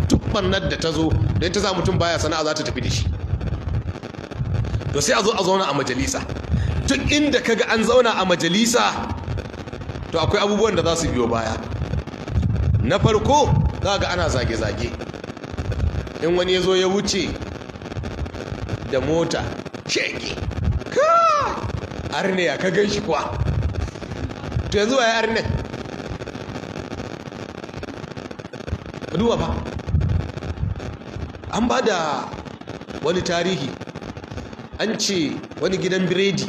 duk barnar da ta zo don ta sa mutum baya sana'a za ta tafi da shi to sai a zo a zauna a majalisa duk inda ka ga an zauna a majalisa to akwai abubuwan da za su biyo baya na farko za ga ana zage-zage in wani ya zo ya wuce da mota shege arne ya ka gan shi kuwa to yanzu waye arne duba ba an ba da wani tarihi an ce wani gidan biredi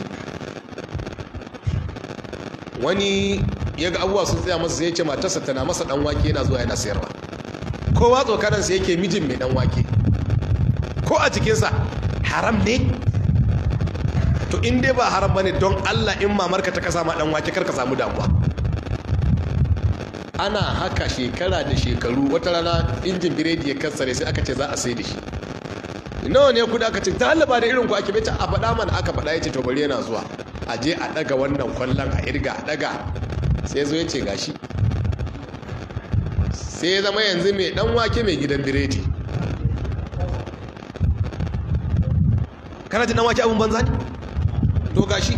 wani ya ga abuwa sun tsaya masa sai ce matarsa tana masa dan wake yana zuwa yana sayarwa kowa tsokanansa yake mijin mai dan wake ko a cikinsa haram ne to in dai ba haram bane don Allah in mamarka ta kasa ma dan wake kar ka samu damuwa ana haka shekara da shekaru wata rana injin biredi ya kassare sai aka ce za a sai da shi nawa ne kuɗi aka ce ta halaba da irin ku ake a faɗa mana aka faɗa ya ce to bari yana zuwa a je a ɗaga wannan kwallon a irga a ɗaga sai zo ya ce gashi sai ya zama yanzu mai ɗan wake mai gidan biredi kana jin wake abin banza ne to gashi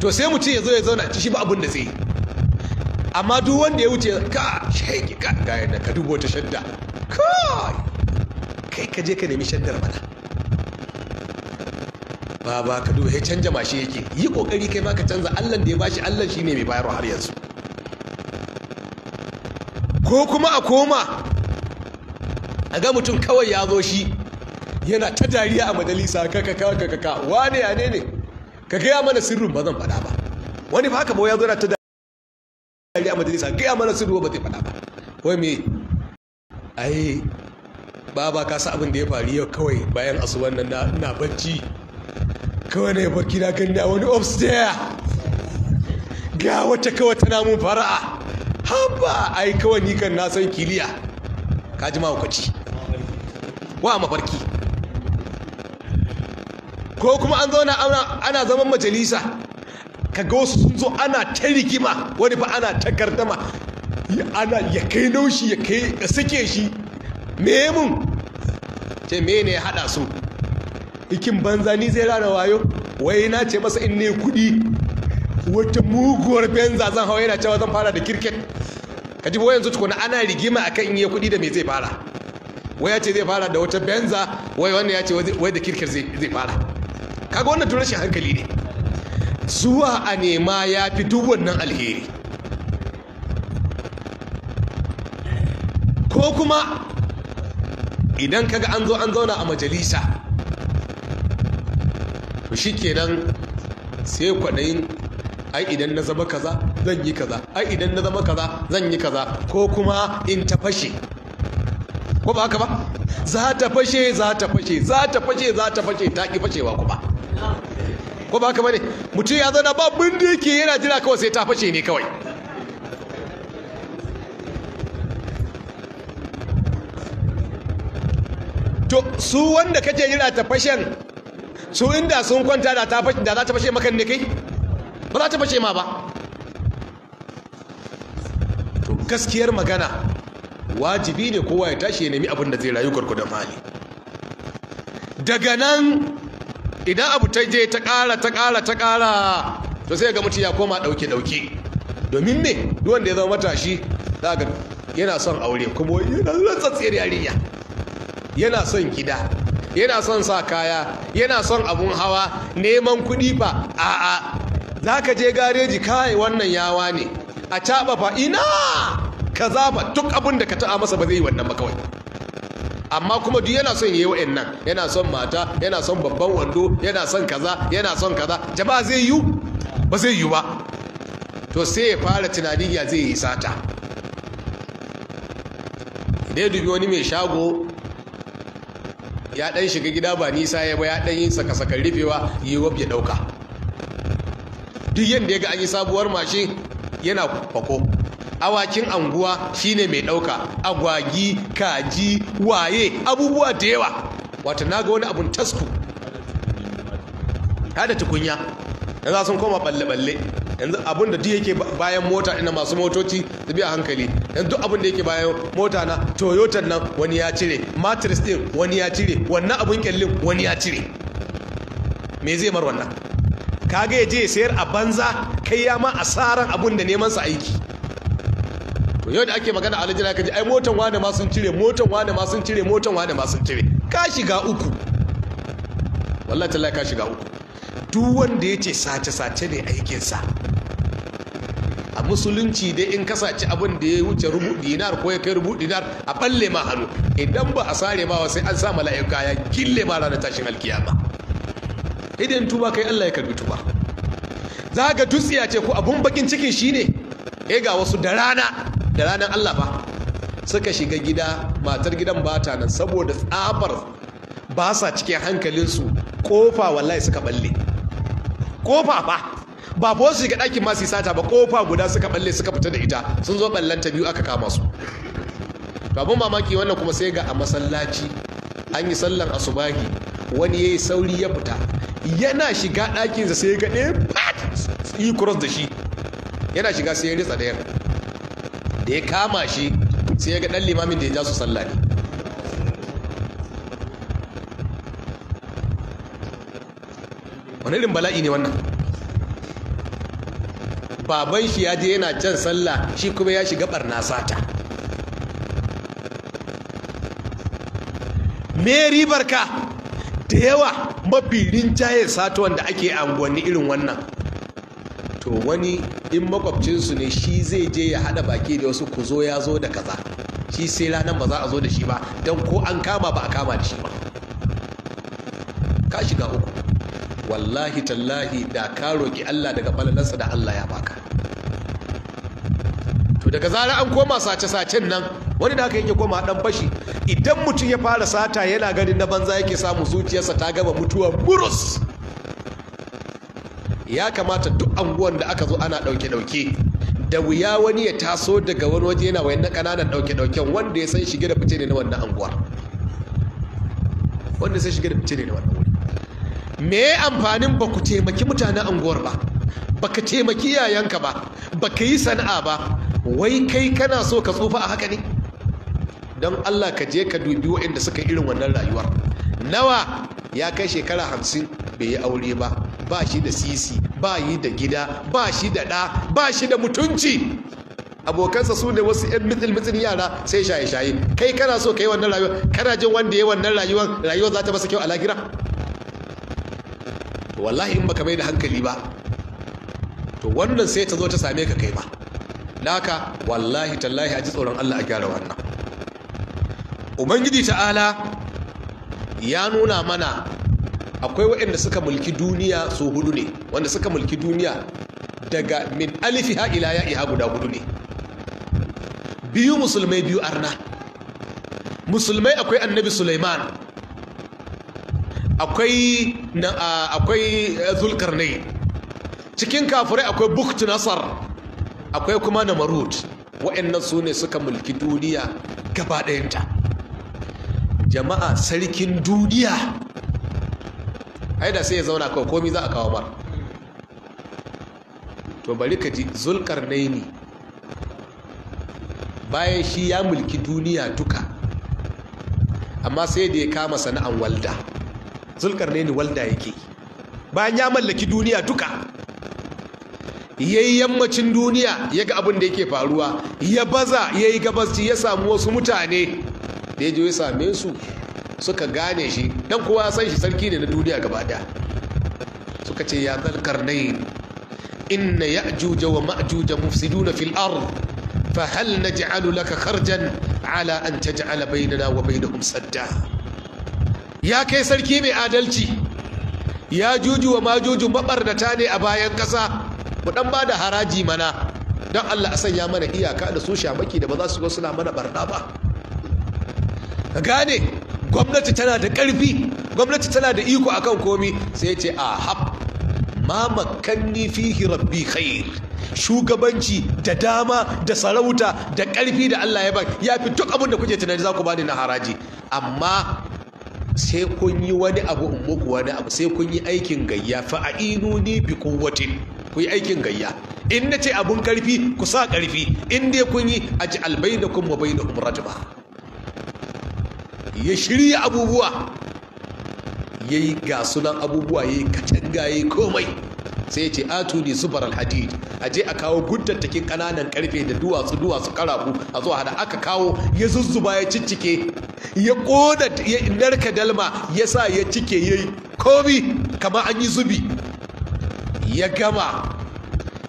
to sai mu ce ya zo ya zauna shi ba abin da zai amma duk wanda ya wuce ka shaiki ka ga yadda ka dubo ta shadda kai kai ka je ka nemi shaddar mana baba ka dubo ya canja mashi yake yi kokari kai ma ka canza Allah da ya bashi Allah shine mai bayarwa har yanzu ko kuma a koma a ga mutum kawai ya zo shi yana ta dariya a majalisa kakakakaka wane ya ne ne ka gaya mana sirrin ba zan faɗa ba wani ba haka ba ya zo na ta dariya a majalisa gaya mana sirri ba zai faɗa ba wai me ai baba ka sa abin da ya faru yau kawai bayan asuban nan na bacci kawai ne barki na gani a wani upstairs ga wata kawai tana mun fara'a haba ai kawai ni kan na san kiliya ka ji ma wa mafarki ko kuma an zauna ana zaman majalisa kaga wasu sun zo ana ta rigima wani ba ana ta gardama ya kai naushi ya kai suke shi me mun ce me ne ya hada su ikin banza ni zai rana wayo wai na ce masa in ne kuɗi wata muguwar benza zan hawa yana cewa zan fara da kirket ka ji zuciko tukuna ana rigima akan in yi kuɗi da me zai fara wai ya ce zai fara da wata benza wai wannan ya ce wai da kirkir zai fara kaga wannan tun rashin hankali ne zuwa a nema ya fi wannan alheri ko kuma idan kaga an zo an zauna a majalisa to shi kenan sai kwaɗayin ai idan na zama kaza zan yi kaza ai idan na zama kaza zan yi kaza ko kuma in ta fashe ko ba haka ba za ta fashe za ta fashe za ta fashe za ta fashe ta ki fashewa kuma ko ba haka ba ne mutum ya zana ba bin da yake yana jira kawai sai ta fashe ne kawai to su wanda kaje jira ta fashen su inda sun kwanta da ta fashe da za ta fashe maka ne kai ba za ta fashe ma ba to gaskiyar magana wajibi ne kowa ya tashi ya nemi abin da zai rayu da mali. daga nan idan abu ta je ta ƙara ta ƙara ta ƙara to sai ga mutum ya koma ɗauke ɗauke domin me duwanda ya zama matashi za ga yana son aure kuma yana son tsatsiyar yarinya yana son gida yana son sa kaya yana son abun hawa neman kuɗi fa a'a za ka je gareji kai wannan yawa ne a caɓa fa ina kaza ba duk abin da ka ta'a masa ba zai yi wannan ba kawai amma kuma duk yana son yayi wa'annan yana son mata yana son babban wando yana son kaza yana son kaza jama'a zai yi ba zai yi ba to sai ya fara tunanin ya zai yi sata idan ya dubi wani mai shago ya dan shiga gida ba nisa ya ba ya dan yin sakasakan rufewa yi wab ya dauka duk yadda ya ga an yi sabuwar mashin yana fako awakin anguwa shine mai ɗauka agwagi kaji waye abubuwa da yawa wata na ga wani abun tasku hada tukunya yanzu sun koma balle-balle yanzu abun da duk yake bayan mota ina masu motoci su biya hankali yanzu duk abun da yake bayan mota na toyota nan wani ya cire matris din wani ya cire wannan abun kyallin wani ya cire me zai mar wannan kaga ya je ya sayar a banza kai ya ma asaran abun da neman sa aiki yau da ake magana a lajira ka ji ai motan wane ma sun cire motan wane ma sun cire motan wane ma sun cire ka shiga uku wallahi tallahi ka shiga uku duk wanda ya ce sace-sace ne aikinsa a musulunci dai in ka saci abin da ya wuce rubu dinar ko ya kai rubu dinar a balle ma hannu idan ba a sare ma sai an sa mala'ika ya gille ma ranar tashin alkiyama idan tuba kai Allah ya karbi tuba za ga dutsiya ce ko abun bakin cikin shine eh ga wasu da rana da ranar Allah ba suka shiga gida matar gidan ba ta nan saboda tsabar ba sa cikin hankalinsu kofa wallahi suka balle kofa ba ba ba su shiga ɗakin masu sata ba kofa guda suka balle suka fita da ita sun zo ɓallanta biyu aka kama su Babu mamaki wannan kuma sai ga a masallaci an yi sallan asubahi wani ya yi sauri ya fita yana shiga ɗakinsa sai ya ga ɗaya eh, yi cross da shi yana shiga sai ya ritsa yana da ya kama shi sai ya ga ɗan limamin da ya ja su sallah ne wani irin bala'i ne wannan baban shi ya je yana can sallah shi kuma ya shiga barna sata me ribar ka da yawa mafi rinjaye sato wanda ake angonni irin wannan to wani in makwabcinsu ne shi zai je ya haɗa baki da wasu ku zo ya zo da kaza shi sai ranar ba za a zo da shi ba don ko an kama ba a kama da shi ba ka shiga uku wallahi tallahi da ka roƙi Allah daga falalarsa da Allah ya baka to daga zarar an koma sace-sacen nan wani da aka yake koma dan fashi idan mutum ya fara sata yana ganin na banza yake samu zuciyarsa ta gaba mutuwa burus ya kamata duk anguwan da aka zo ana ɗauke-ɗauke da wuya wani ya taso daga wani waje yana wayan na kananan ɗauke wanda ya san shige da fice ne na wannan anguwa wanda ya san shige da fice ne na wannan wuri me ya amfanin ba ku taimaki mutanen anguwar ba ba ka taimaki yayanka ba ba ka yi sana'a ba wai kai kana so ka tsufa a haka ne don allah ka je ka dubi waɗanda suka irin wannan rayuwar nawa ya kai shekara hamsin bai yi aure ba ba shi da sisi ba yi da gida ba shi da ɗa ba shi da mutunci abokansa su ne wasu yan mitsil-mitsil yara sai shaye-shaye kai kana so ka yi wannan rayuwa kana jin wanda ya wannan rayuwa. Rayuwa za ta masa kyau a lahira wallahi in baka mai da hankali ba to wannan sai ta zo ta same ka kai ba naka wallahi tallahi a ji tsoron Allah a gyara wannan ubangiji ta'ala ya nuna mana akwai waɗanda suka mulki duniya su hudu ne wanda suka mulki duniya daga min alifi ha ila ya iha guda hudu ne biyu musulmai biyu arna musulmai akwai annabi suleiman akwai akwai zulkarnai cikin kafirai akwai bukht nasar akwai kuma namarud waɗannan su ne suka mulki duniya gaba ɗayanta jama'a sarkin duniya ai da sai ya zauna kawai komi za a kawo bar to bari ka ji zulkar naini. bayan shi ya mulki duniya duka amma sai da ya kama sana'an walda Zulkar naini walda yake bayan ya mallaki duniya duka ya yi yammacin duniya ya ga abin da yake faruwa ya baza ya yi gabasci ya samu wasu mutane da ya je ya same su suka gane shi dan kowa san shi sarki ne na duniya gaba daya suka ce ya zal karnain inna ya'juja wa ma'juja mufsiduna fil ard fa hal naj'alu laka kharjan ala an taj'ala bainana wa bainahum sadda ya kai sarki mai adalci ya juju wa majuju mabarnata ne a bayan kasa mu dan bada haraji mana don Allah a sanya mana iyaka da su shamaki da ba za su zo suna mana barna ba gane gwamnati tana da ƙarfi gwamnati tana da iko akan komi sai ce a hab ma makanni fihi rabbi khair shugabanci da dama da sarauta da ƙarfi da Allah ya ba ya fi duk abin da kuke tunani za ku bani na haraji amma sai kun yi wani abu in muku wani abu sai kun yi aikin gayya fa ni bi quwwatin ku yi aikin gayya in nace abun karfi ku sa karfi in dai kun yi aj'al bainakum wa umrat ba. ya shirya abubuwa ya yi gasunan abubuwa ya yi kacangaye komai sai ce atuni zubar alhadid a je a kawo guntattakin kananan karfe da duwatsu duwatsu karafu a zuwa hada aka kawo ya zuzzuba ya ciccike ya koda ya narka dalma ya sa ya cike ya yi komi kama an yi zubi ya gama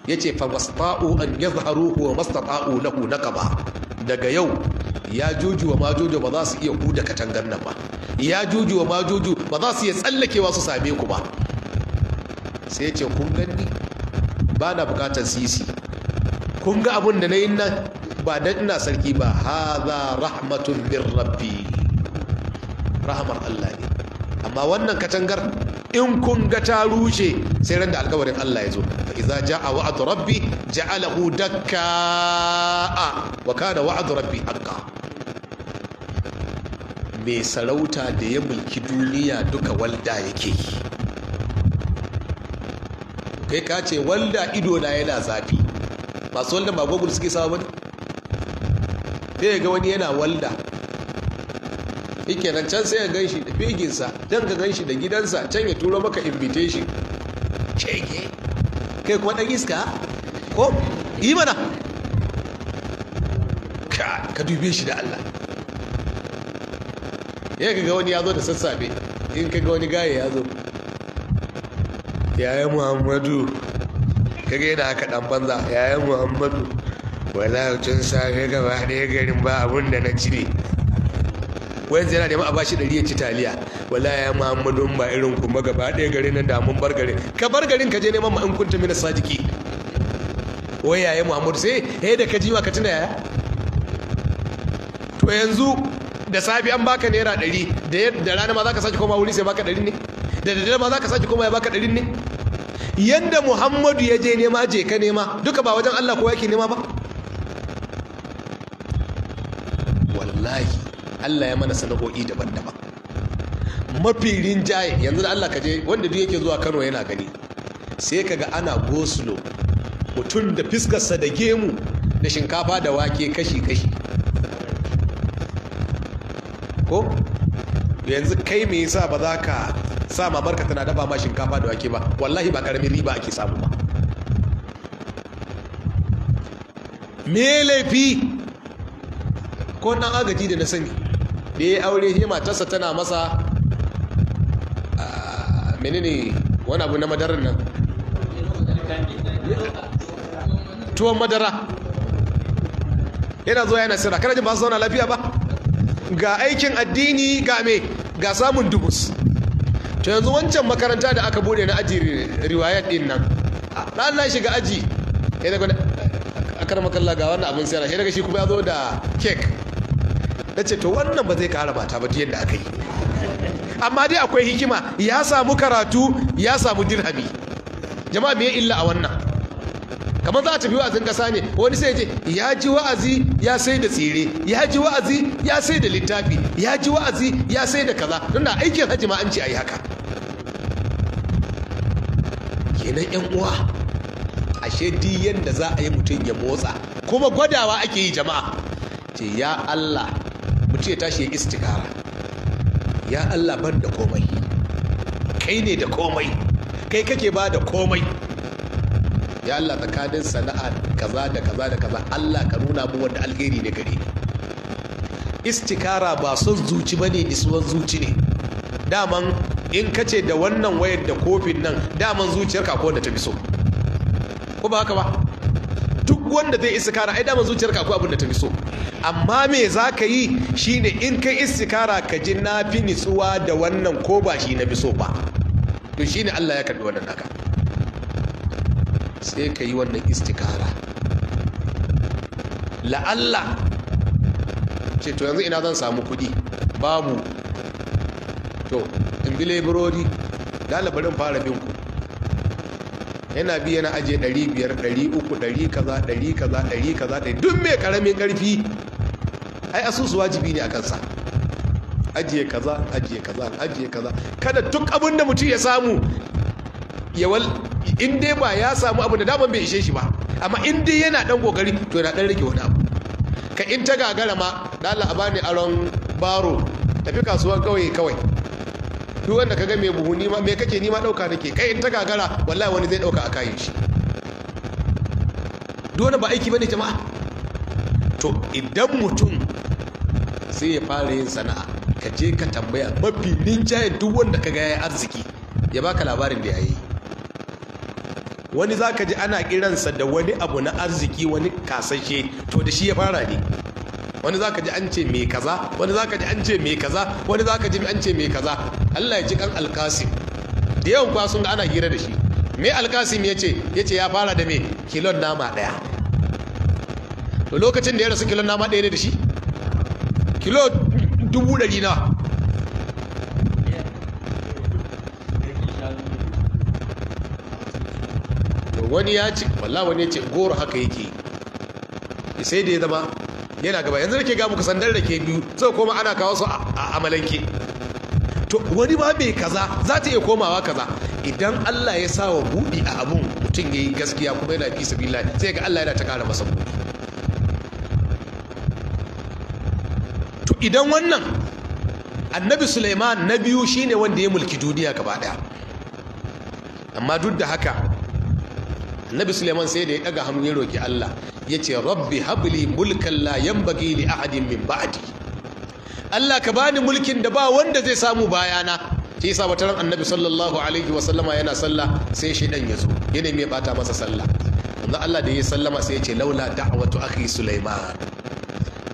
ya ce fa masta'u an yazharu wa masta'u lahu naqaba daga yau ya juju wa majojo ba za su iya huda katangar nan ba ya juju wa majojo ba za su iya tsallakewa su same ku ba sai ce kun gani ba na bukatar sisi kun ga abin da na yi nan ba dan ina sarki ba haza rahmatun bin rabbi rahamar Allah ne amma wannan katangar in kun ga ta rushe sai ran da alkawarin Allah ya zo fa ja jaa wa'd rabbi ja'alahu dakka wa kana wa'd rabbi haqqan mai sarauta da ya mulki duniya duka walda yake yi kai ka ce walda ido na yana zafi masu walda ba gogul suke sawa bane ya ga wani yana walda ikenan can sai ya gan shi da figinsa can ka gan shi da gidansa can ya turo maka invitation cege kai kuma ɗan iska ko yi mana ka dube shi da Allah ya kaga wani ya zo da sassafe in kaga wani gaye ya zo yayan muhammadu ka ga yana haka dan banza yayan muhammadu wala tun safe gaba ɗaya garin ba abun da na cire wayan zai yana neman a bashi ɗari ya ci taliya wala ya muhammadu ba irin kuma gaba ɗaya garin nan da mun bar garin ka bar garin ka je neman ma in kunta mina sajiki wai yayan muhammadu sai ya eh, da ka ji ma ka tuna yaya to yanzu da safi an baka naira ɗari da rana ma za ka sake koma wuri sai baka ɗari ne da daddare ma za ka sake koma ya baka ɗari ne yanda muhammadu ya je nema je ka nema duka ba wajen allah kowa yake nema ba wallahi allah ya mana sana'o'i daban-daban mafi rinjaye yanzu da allah ka je wanda duk yake zuwa kano yana gani sai ka ga ana goslo mutum da fiskarsa da gemu da shinkafa da wake kashi-kashi ko yanzu kai me yasa ba za ka sa mamarka tana dafa ma shinkafa da wake ba wallahi ba karamin riba ake samu ba me laifi ko dan agaji da na sani da ya aure shi matarsa tana masa menene wani abu na madarar nan tuwon madara yana zuwa yana sira kana jin ba su zauna lafiya ba ga aikin addini ga me ga samun dubus to yanzu wancan makaranta da aka bude na aji riwayat din nan ɗan na shiga aji ya daga akar kalla ga wannan abin sai shi daga shi kuma ya zo da kek na ce to wannan ba zai kara mata ba yadda aka yi amma dai akwai hikima ya samu karatu ya samu dirhami jama'a me illa a wannan kamar za a tafi wa'azin kasa ne wani sai ce ya ji wa'azi ya sai da tsire ya ji wa'azi ya sai da littafi ya ji wa'azi ya sai da kaza don na aikin hajji ma an ce a yi haka kenan yan uwa ashe duk yadda za a yi mutum ya motsa kuma gwadawa ake yi jama'a ce ya Allah mutum ya tashi ya istikara ya Allah ban da komai kai ne da komai kai kake ba da komai ya Allah tsakanin sana'a kaza da kaza da kaza Allah ka nuna mu wanda alheri ne gare ni istikara ba son zuci bane isuwan zuci ne daman in ka ce da wannan wayar da kofin nan daman zuciyarka ko da ta fi so ko ba haka ba duk wanda zai istikara ai daman zuciyarka ko abin da ta fi so amma me za ka yi shine in kai istikara ka ji na fi nitsuwa da wannan ko ba shi na fi so ba to shine Allah ya karbi wannan naka sai ka yi wannan istikara la'alla ce to yanzu ina zan samu kuɗi babu to in bi laborori dalibarin fara bin ku yana bi yana ajiye 500 300 kaza 100 kaza 100 kaza 100 duk mai karamin karfi ai asusu wajibi ne a kansa ajiye kaza ajiye kaza ajiye kaza kada duk abin da mutum ya samu ya wal in dai ba ya samu abu da daman bai ishe shi ba amma in dai yana dan kokari to yana dan rage wani abu ka in ta gagara ma da Allah a bani aron baro tafi kasuwan kawai kawai duk wanda kaga mai buhu ni ma me kake ni ma dauka nake kai in ta gagara wallahi wani zai dauka a kayan shi dole ba aiki bane jama'a to idan mutum sai ya fara yin sana'a ka je ka tambaya mafi ninjayen duk wanda ka ga ya arziki ya baka labarin da ya yi wani za ka ji ana kiransa da wani abu na arziki wani kasashe to da shi ya fara ne wani za ka ji an ce mai kaza wani za ka ji an ce mai kaza wani za ka ji an ce mai kaza Allah ya ji kan alkasim da yawan kwa sun ana hira da shi me alkasim ya ce ya ce ya fara da me kilon nama ɗaya to lokacin da ya rasu kilon nama ɗaya ne da shi kilo dubu ɗari na wani ya ci walla wani ya ce goro haka yake sai da ya zama yana gaba yanzu da ke ga muku sandar da biyu sau koma ana kawo su a amalanke to wani ba mai kaza za ta iya komawa kaza idan Allah ya sa wa buɗi a abun mutum ya yi gaskiya kuma yana fi sabila sai ga Allah yana ta kara masa buɗi to idan wannan annabi Suleiman na biyu shine wanda ya mulki duniya gaba ɗaya amma duk da haka annabi suleiman sai da ya daga hannu ya roki Allah ya ce rabbi habli mulkan la'yan yanbaghi li ahadin min ba'di Allah ka bani mulkin da ba wanda zai samu bayana shi yasa wata ran annabi sallallahu alaihi wa sallama yana sallah sai shedan ya zo yana mai bata masa sallah amma Allah da ya sallama sai ya ce laula da'watu akhi suleiman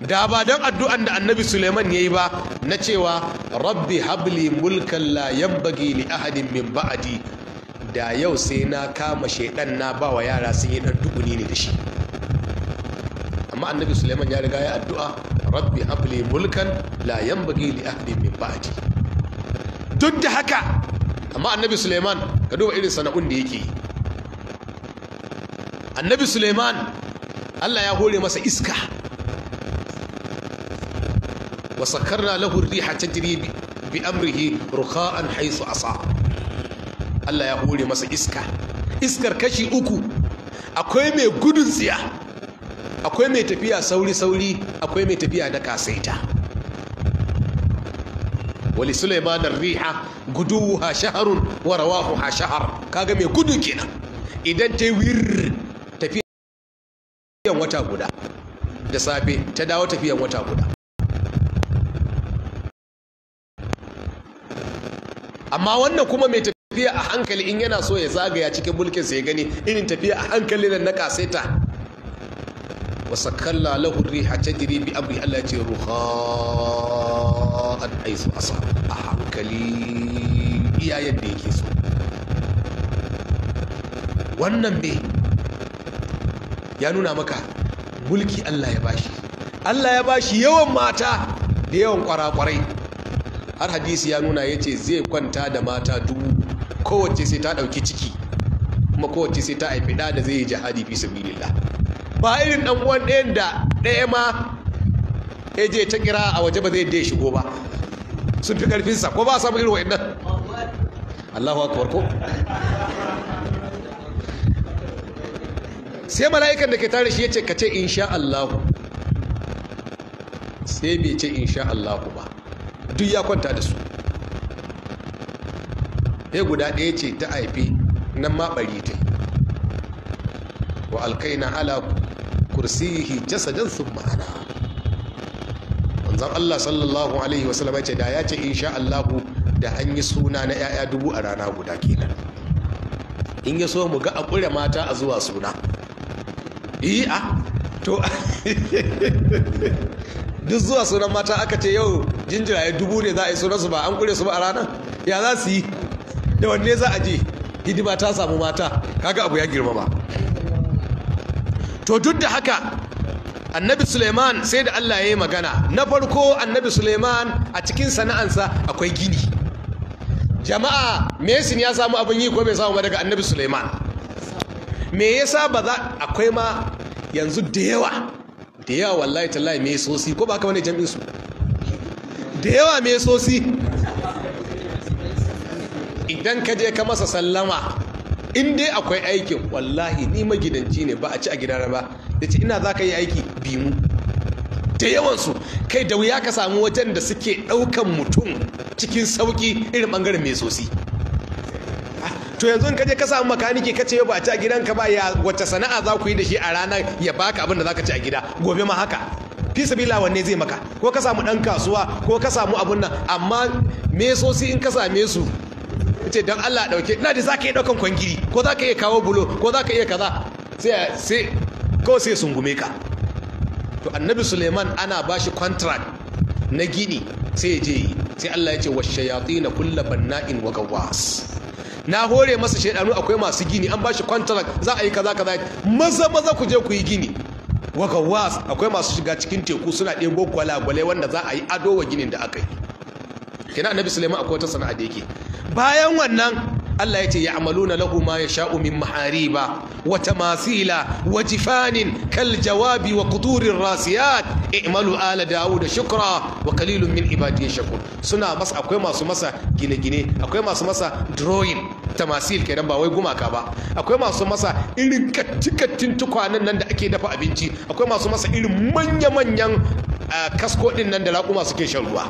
da ba don addu'an da annabi suleiman ya yi ba na cewa rabbi habli mulkan la'yan yabbagi li ahadin min ba'adi da yau sai na kama shaidan na ba wa yara sun yi dan duguni ne da shi amma annabi suleiman ya riga ya addu'a rabbi habli mulkan la yanbaghi li ahli min ba'di duk da haka amma annabi suleiman ka duba irin sana'un da yake yi annabi suleiman allah ya hore masa iska wa sakarna lahu riha tajri bi amrihi rukha'an haythu asa Allah ya hore masa iska iskar kashi uku akwai mai gudun tsiya akwai mai tafiya sauri-sauri akwai mai tafiya da kasaita wali suleiman riha guduwa shaharun wa rawahu shahar kaga mai gudu kenan idan ta wir tafiyan wata guda da safe ta dawo tafiyan wata guda amma wannan kuma mai tafiya a hankali in yana so ya zagaya cikin mulkin sai gani irin tafiya a hankali nan na kaseta wa sakalla lahu riha tajri bi amri Allah ce ruha an aisu asa a hankali iya yadda yake so wannan be ya nuna maka mulki Allah ya bashi Allah ya bashi yawan mata da yawan kwarakwarai har hadisi ya nuna ya ce zai kwanta da mata dubu kowace sai ta ɗauki ciki kuma kowace sai ta haifi ɗa da zai yi jihadi fi sabilillah ba irin ɗan uwan ɗayan da ɗaya ma ya je ta kira a waje ba zai da shigo ba sun fi ƙarfinsa ko ba samu irin wa'annan Allahu akbar ko sai mala'ikan da ke tare shi ya ce ka ce insha Allahu sai bai ce insha Allahu ba duk ya kwanta da su sai guda ɗaya ce ta haifi nan ma ɓari ta wa alkaina ala kursiyihi jasajen sun ma'ana Wanzan allah sallallahu alaihi wasallam ya ce da ya ce in sha allahu da an yi suna na 'ya'ya dubu a rana guda kenan in ya so mu ga a ƙure mata a zuwa suna yi a to *laughs* duk zuwa sunan mata aka ce yau jinjiraye dubu ne za a yi sunansu ba an ƙure su ba a ranar ya za su yi da wanne za a je hidima ta samu mata kaga abu ya girma ba to duk da haka annabi suleiman sai da allah ya yi magana na farko annabi suleiman a cikin sana'ansa akwai gini jama'a mesin ya samu abin yi ko bai samu ba daga annabi suleiman me yasa ba za akwai ma yanzu da yawa da yawa wallahi tallahi me sosi ko ba haka wani jam'in su da yawa me sosi idan ka je ka masa sallama in dai akwai aikin wallahi ni magidanci ne ba a ci a gidana ba da ce ina za ka yi aiki bi mu da yawansu kai da wuya ka samu wajen da suke ɗaukan mutum cikin sauki irin ɓangaren mai sosi to yanzu ka je ka samu makaniki ka ce ba a ci a gidanka ba ya wacce sana'a za ku yi da shi a rana ya baka abin da za ka ci a gida gobe ma haka fi sabila wanne zai maka ko ka samu ɗan kasuwa ko ka samu abun nan amma mesosi in ka same su ce don Allah dauke na da ka iya daukan kwangiri ko za ka iya kawo bulo ko za ka iya kaza sai ko sai sungume ka to annabi Suleiman ana ba shi contract na gini sai je yi sai Allah ya ce na kulle banna'in wa gawas na hore masa shaidanu akwai masu gini an ba shi contract za a yi kaza kaza maza maza ku je ku yi gini wa gawas akwai masu shiga cikin teku suna ɗebo gwalagwale wanda za a yi ado wa ginin da aka yi kina annabi sulaiman akwai wata sana'a da yake bayan wannan Allah ya ce ya'maluna lahu ma yasha'u min mahariba wa tamasila wa jifanin kal jawabi wa quturir rasiyat i'malu ala daud shukra wa qalilun min ibadiy shakur suna masa akwai masu masa gine-gine akwai masu masa drawing tamasil kenan ba wai gumaka ba akwai masu masa irin katikatin tukwanen nan da ake dafa abinci akwai masu masa irin manya-manyan ah, kasko din nan da raƙuma suke shan ruwa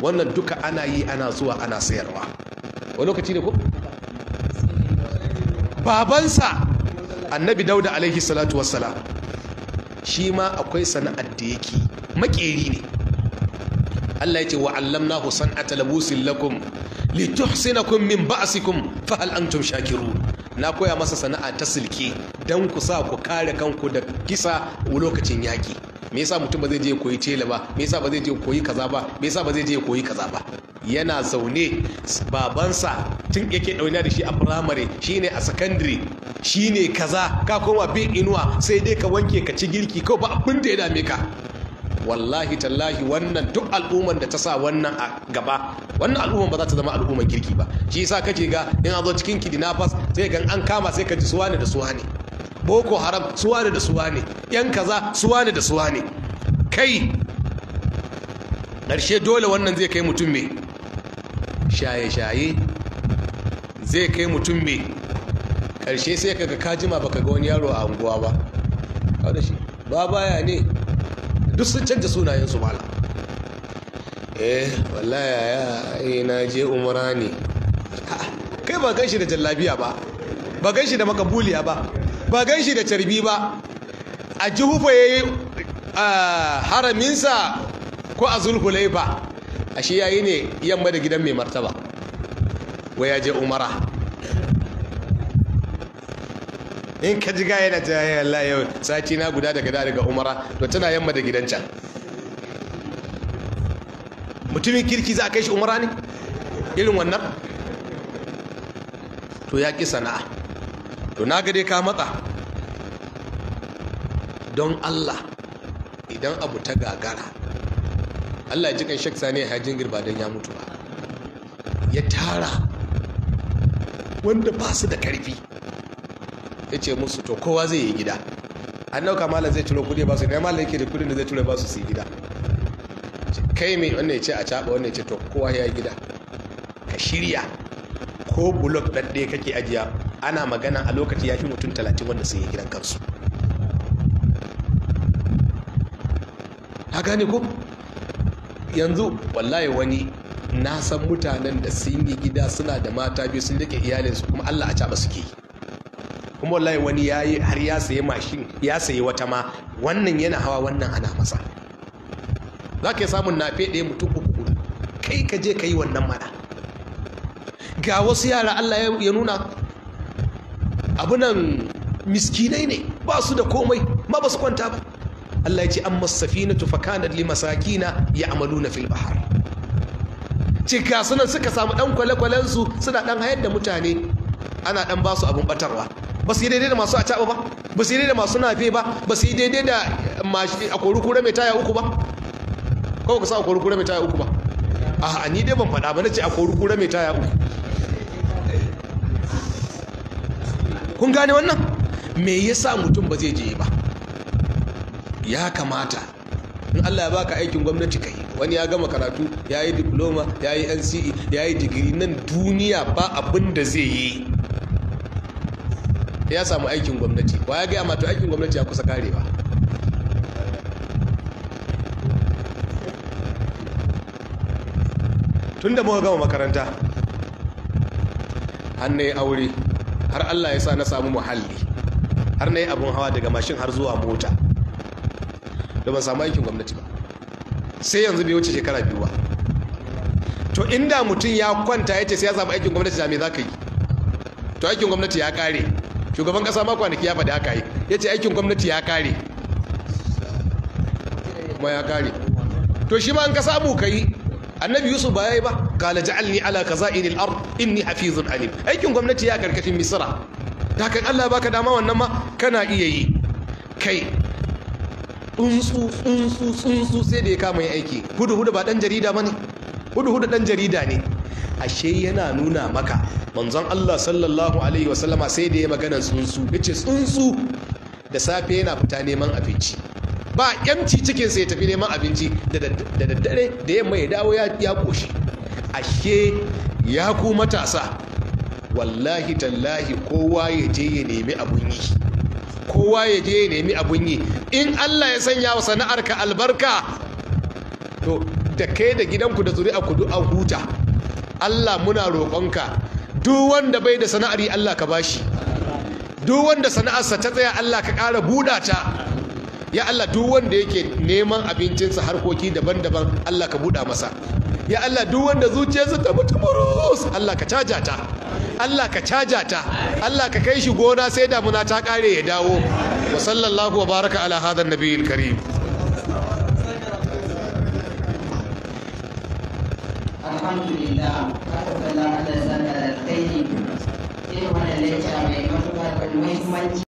wannan duka ana yi ana zuwa ana sayarwa wani lokaci ne ku? babansa annabi dauda alaihi salatu Wasala, shi ma akwai sana'ar da yake makeri ne Allah ya ce wa allamnahu a labusin lakum lituhsinakum min ba'sikum fa hal antum shakirun na koya masa sana'a ta silke don ku sa ku kare kanku da kisa lokacin yaki me yasa mutum ba zai je koyi tela ba me yasa ba zai je koyi kaza ba me yasa ba zai je koyi kaza ba yana zaune babansa tun yake dauna da shi a primary shine a secondary shine kaza ka koma bin inuwa sai dai ka wanke ka ci girki ko ba abin da ya dame ka wallahi tallahi wannan duk al'umman da ta sa wannan a gaba wannan al'umman ba za ta zama al'umman girki ba shi yasa kake ga in a zo cikin kidnappers sai ga an kama sai ka ji suwa ne da suwa ne boko haram suwa ne da suwa ne yan kaza suwa ne da suwa ne kai ƙarshe dole wannan zai kai mutum me shaye-shaye zai kai mutum me ƙarshe sai kaga kajima baka ga wani yaro a unguwa ba kawo da shi ba baya ne duk sun canja sunayen su mala eh wallaya yaya eh na je umara ne kai ba gan shi da jallabiya ba ba gan shi da makabuliya ba ba gan shi da carbi ba a jihufa ya yi haraminsa ko a zulhulaifa a shi yayi ne yamma da gidan mai martaba waya je umara in ka ji gaya na ta Allah yau sati na guda daga da daga umara to tana yamma da gidan can mutumin kirki za a kai shi umara ne irin wannan to ya ki sana'a to na ga dai ka matsa don Allah idan abu ta gagara Allah ji kan shaksa ne hajjin girba don ya mutu ba ya tara wanda ba su da karfi ya ce musu to kowa zai yi gida an nauka malam zai ciro kudi ba su ne malam yake da kudin da zai ciro ba su su yi gida kai mai wannan ya ce a caɓa wannan ya ce to kowa ya yi gida ka shirya ko bulok ɗaɗɗe kake ajiya ana magana a lokaci ya fi mutum talatin wanda sun yi gidan kansu ha gane ko yanzu wallahi wani na san mutanen da sun yi gida suna da mata biyu sun rike iyalinsu kuma allah a caɓa suke yi kuma wallahi wani ya yi har ya sayi mashin ya sayi wata ma wannan yana hawa wannan ana masa za ka yi samun nafe ɗaya mutum uku hudu kai ka je ka yi wannan mana ga wasu yara allah ya nuna nan miskinai ne ba su da komai ma ba su kwanta ba Allah ya ce an masafinatu fa kanat ya amalu na fil bahar cika suna suka samu ɗan kwale kwalensu suna ɗan hayar da mutane ana ɗan ba su abun batarwa ba su yi daidai da masu a ba ba su yi daidai da masu nafe ba ba su yi daidai da a korukura mai taya uku ba kawai ka sa a korukura mai taya uku ba a ni dai ban faɗa ba na ce a korukura mai taya uku kun gane wannan me yasa mutum ba zai je ba ya kamata in Allah ya baka aikin gwamnati kai wani ya gama karatu ya yi diploma ya yi nce ya yi digiri nan duniya ba abin da zai yi ya samu aikin gwamnati ba ya gaya mato aikin gwamnati ya kusa karewa tun da muka gama makaranta hannu ya aure har Allah ya sa na samu muhalli har na yi abin hawa daga mashin har zuwa mota da ban samu aikin gwamnati ba sai yanzu bai wuce shekara biyu ba to inda mutum ya kwanta ya ce sai ya samu aikin gwamnati da me za ka yi to aikin gwamnati ya kare shugaban kasa ma kwanaki ya faɗi haka yi ya ce aikin gwamnati ya kare kuma ya kare to shi ma an ka samu ka yi annabi yusuf ba ya yi ba qala ja'alni ala in ard inni hafizun alim aikin gwamnati ya karkashin misra da kan Allah baka dama wannan ma kana iya yi kai tsuntsu tsuntsu tsuntsu sai da ya kama yi aiki hudu hudu ba dan jarida bane hudu hudu dan jarida ne ashe yana nuna maka manzon Allah sallallahu alaihi wasallama sai da ya magana tsuntsu yace tsuntsu da safe yana fita neman abinci ba yanci cikin sai tafi neman abinci da daddare da yamma ya dawo ya koshi ashe ya ku matasa wallahi tallahi kowa ya je ya nemi abun yi kowa ya je ya nemi abun yi in Allah ya sanya wa sana'arka albarka to da kai da gidanku da zuri'a ku a huta Allah muna roƙonka duk wanda bai da sana'ari Allah ka bashi duk wanda sana'arsa ta tsaya Allah ka ƙara buɗa ta ya Allah duk wanda yake neman abincinsa harkoki daban-daban Allah ka buɗa masa ya Allah duk wanda zuciyarsa ta mutu burus Allah ka caja ta Allah ka caja ta Allah ka kai shi gona sai damuna ta ƙare ya dawo wa sallallahu wa baraka ala hadha nabiyil karim alhamdulillah da mai matuƙar